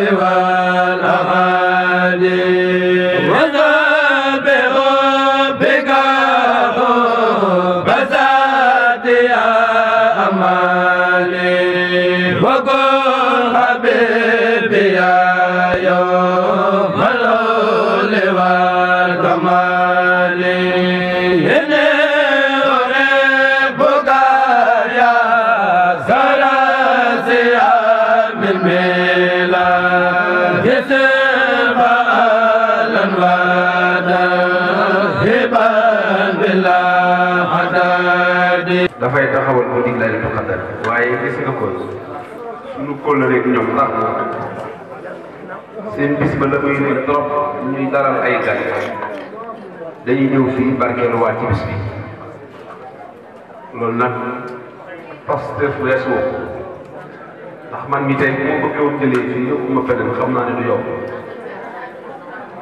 대화 suñu kóllëreeg ñoom ndax seen bis ba la muy nekk trop ñuy dalal ay gan dañuy ñëw fii barkeeluwaat ci bis bi loolu nag Pastef weesu ndax man mi tey moo bëggee woon jëlee fii yëpp ma feneen xam naa ne du yomb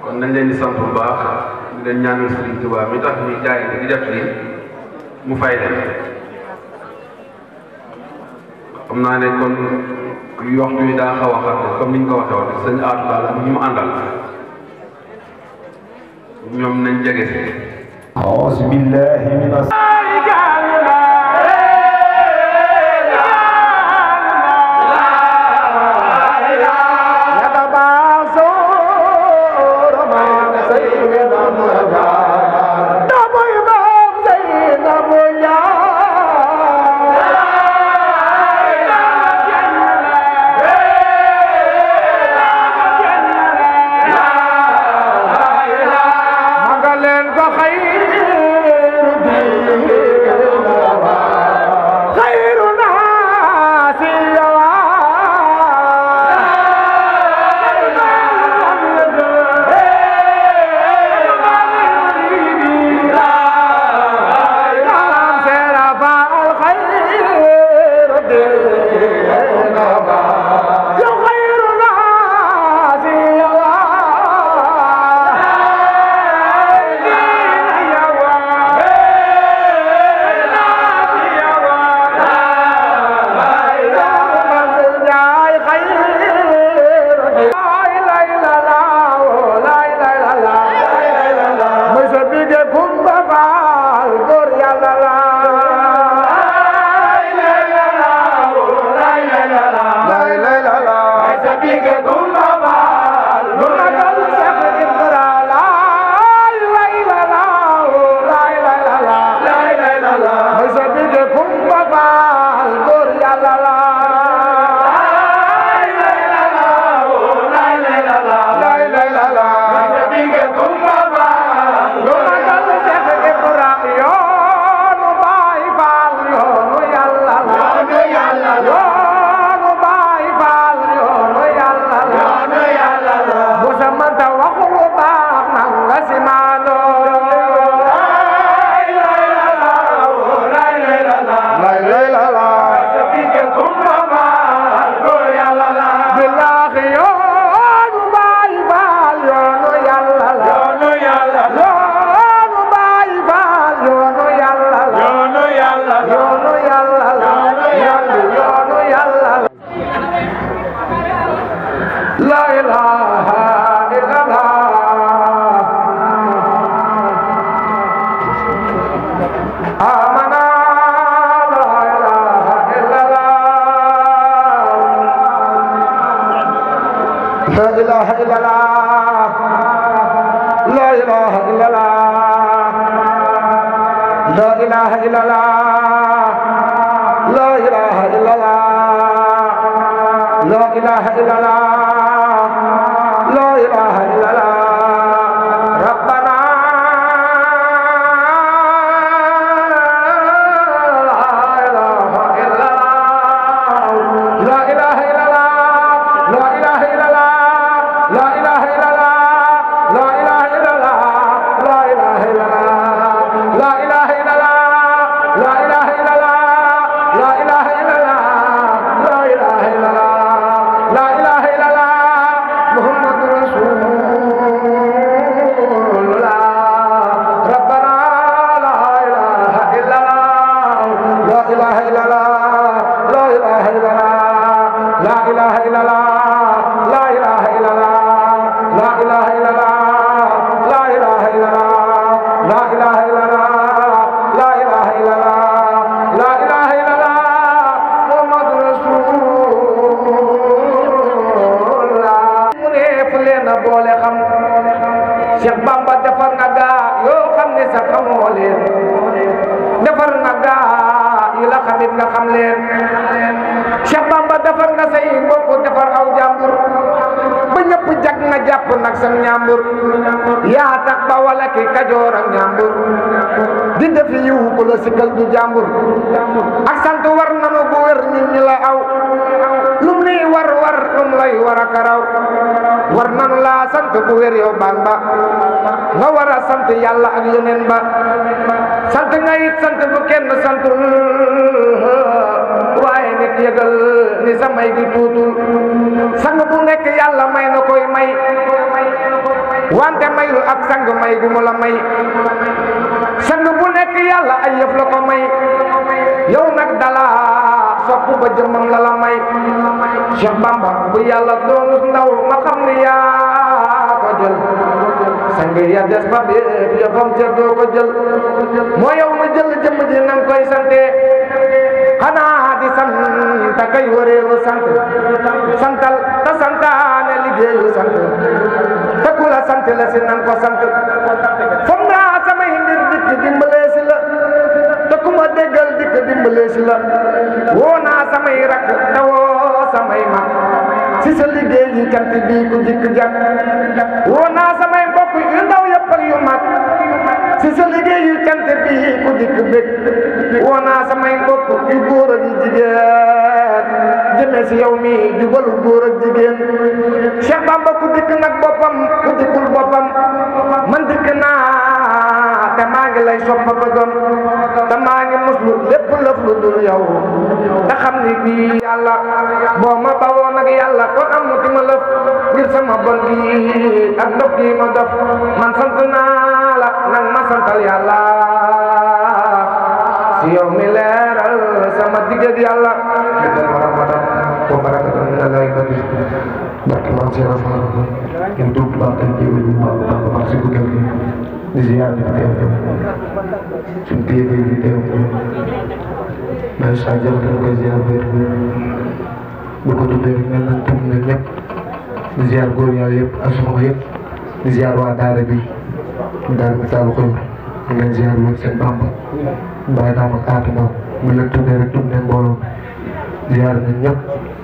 kon nañ leen di sant bu baax di leen ñaanal Sëriñ mi tax ñuy jaay di def lii mu fay leen xam naa ne kon. waxtu yi i xaw a xat comme ni ñu ko waxee woon sëñ Atou Tall ak ñi mu àndal ñoom nañ jege si. La ilaha Lalla Cheikh Bamba defar naga gaa yoo xam ne sax xamoo leen defar na gaa yi xamit nga xam leen Cheikh Bamba defar na say mbokk defar aw jàmbur ba ñëpp jag na jàpp nag sa ñàmbur yaa tax ba wala ki kajoor ak ñàmbur di def yiw ko la sikkal du jàmbur ak sant war nanu bu wér ñun ñi la aw lii war war um lay war a karaw war nanu laa sant bu wér yow Bamba nga war a sant yàlla ak yeneen ba sant nga it sant bu kenn nit yëgal ni sa may gi tuutul sang bu nekk may na may wante may lu ab sang may gu la may sang bu nekk yàlla ay yëf may yow nag dala sopp ba jëmmam la la may Cheikh Bamba bu yàlla doonu ndaw ma xam ne yaa ko jël sang ya des fa def yëfam ca doo ko moo yow ma jël jëmm ji nang sante xanaa di sant kay wareeru sant santal te santaane liggéeyu sant ku la sant la si nan ko sant foog naa samay mbir dikk dimbalee si la te ku ma déggal dikk dimbalee si la woo naa samay rakk te woo samay mag si sa liggéey yi cant bii ku woo naa samay mbokk yu ndaw yëpp ak yu si sa liggéeyu cant bii ku dikk bég woo naa samay mbokk yu góor ak yu jigéen jëmee si yow mi jubalu góor ak jigéen Cheikh Bamba ku dikk nag boppam ku dikkul boppam man dikk naa te maa ngi lay sopp ba doon te maa ngi muslu lépp lëf lu dul yow te xam ni bii yàlla boo ma bawoon ak yàlla kon am na ki ma lëf ngir sama bon gi ak ndox gi ma dof man sant naa la nag ma santal yàlla si yow mi leeral sama digg yàlla barke maam Cheikh Afar in tuub laa tey jéem a ñu maam Bamba si bu gën ziar bi teew suñ PAP bi teew Baye Sa Diakhaté ñu koy ziar bu wér bu ko tuddee rek mel nañ tam ñun ñëpp di ziar góor yàlla yëpp ak soxna yëpp di ziar waa Daara bi Daara bi Saalum Khourou ñu leen ziar bu wér seen bamb Baye Dama Kaatu Ndaw mu leen tuddee rek tudd nañ mbooloo ziar nañ ñëpp.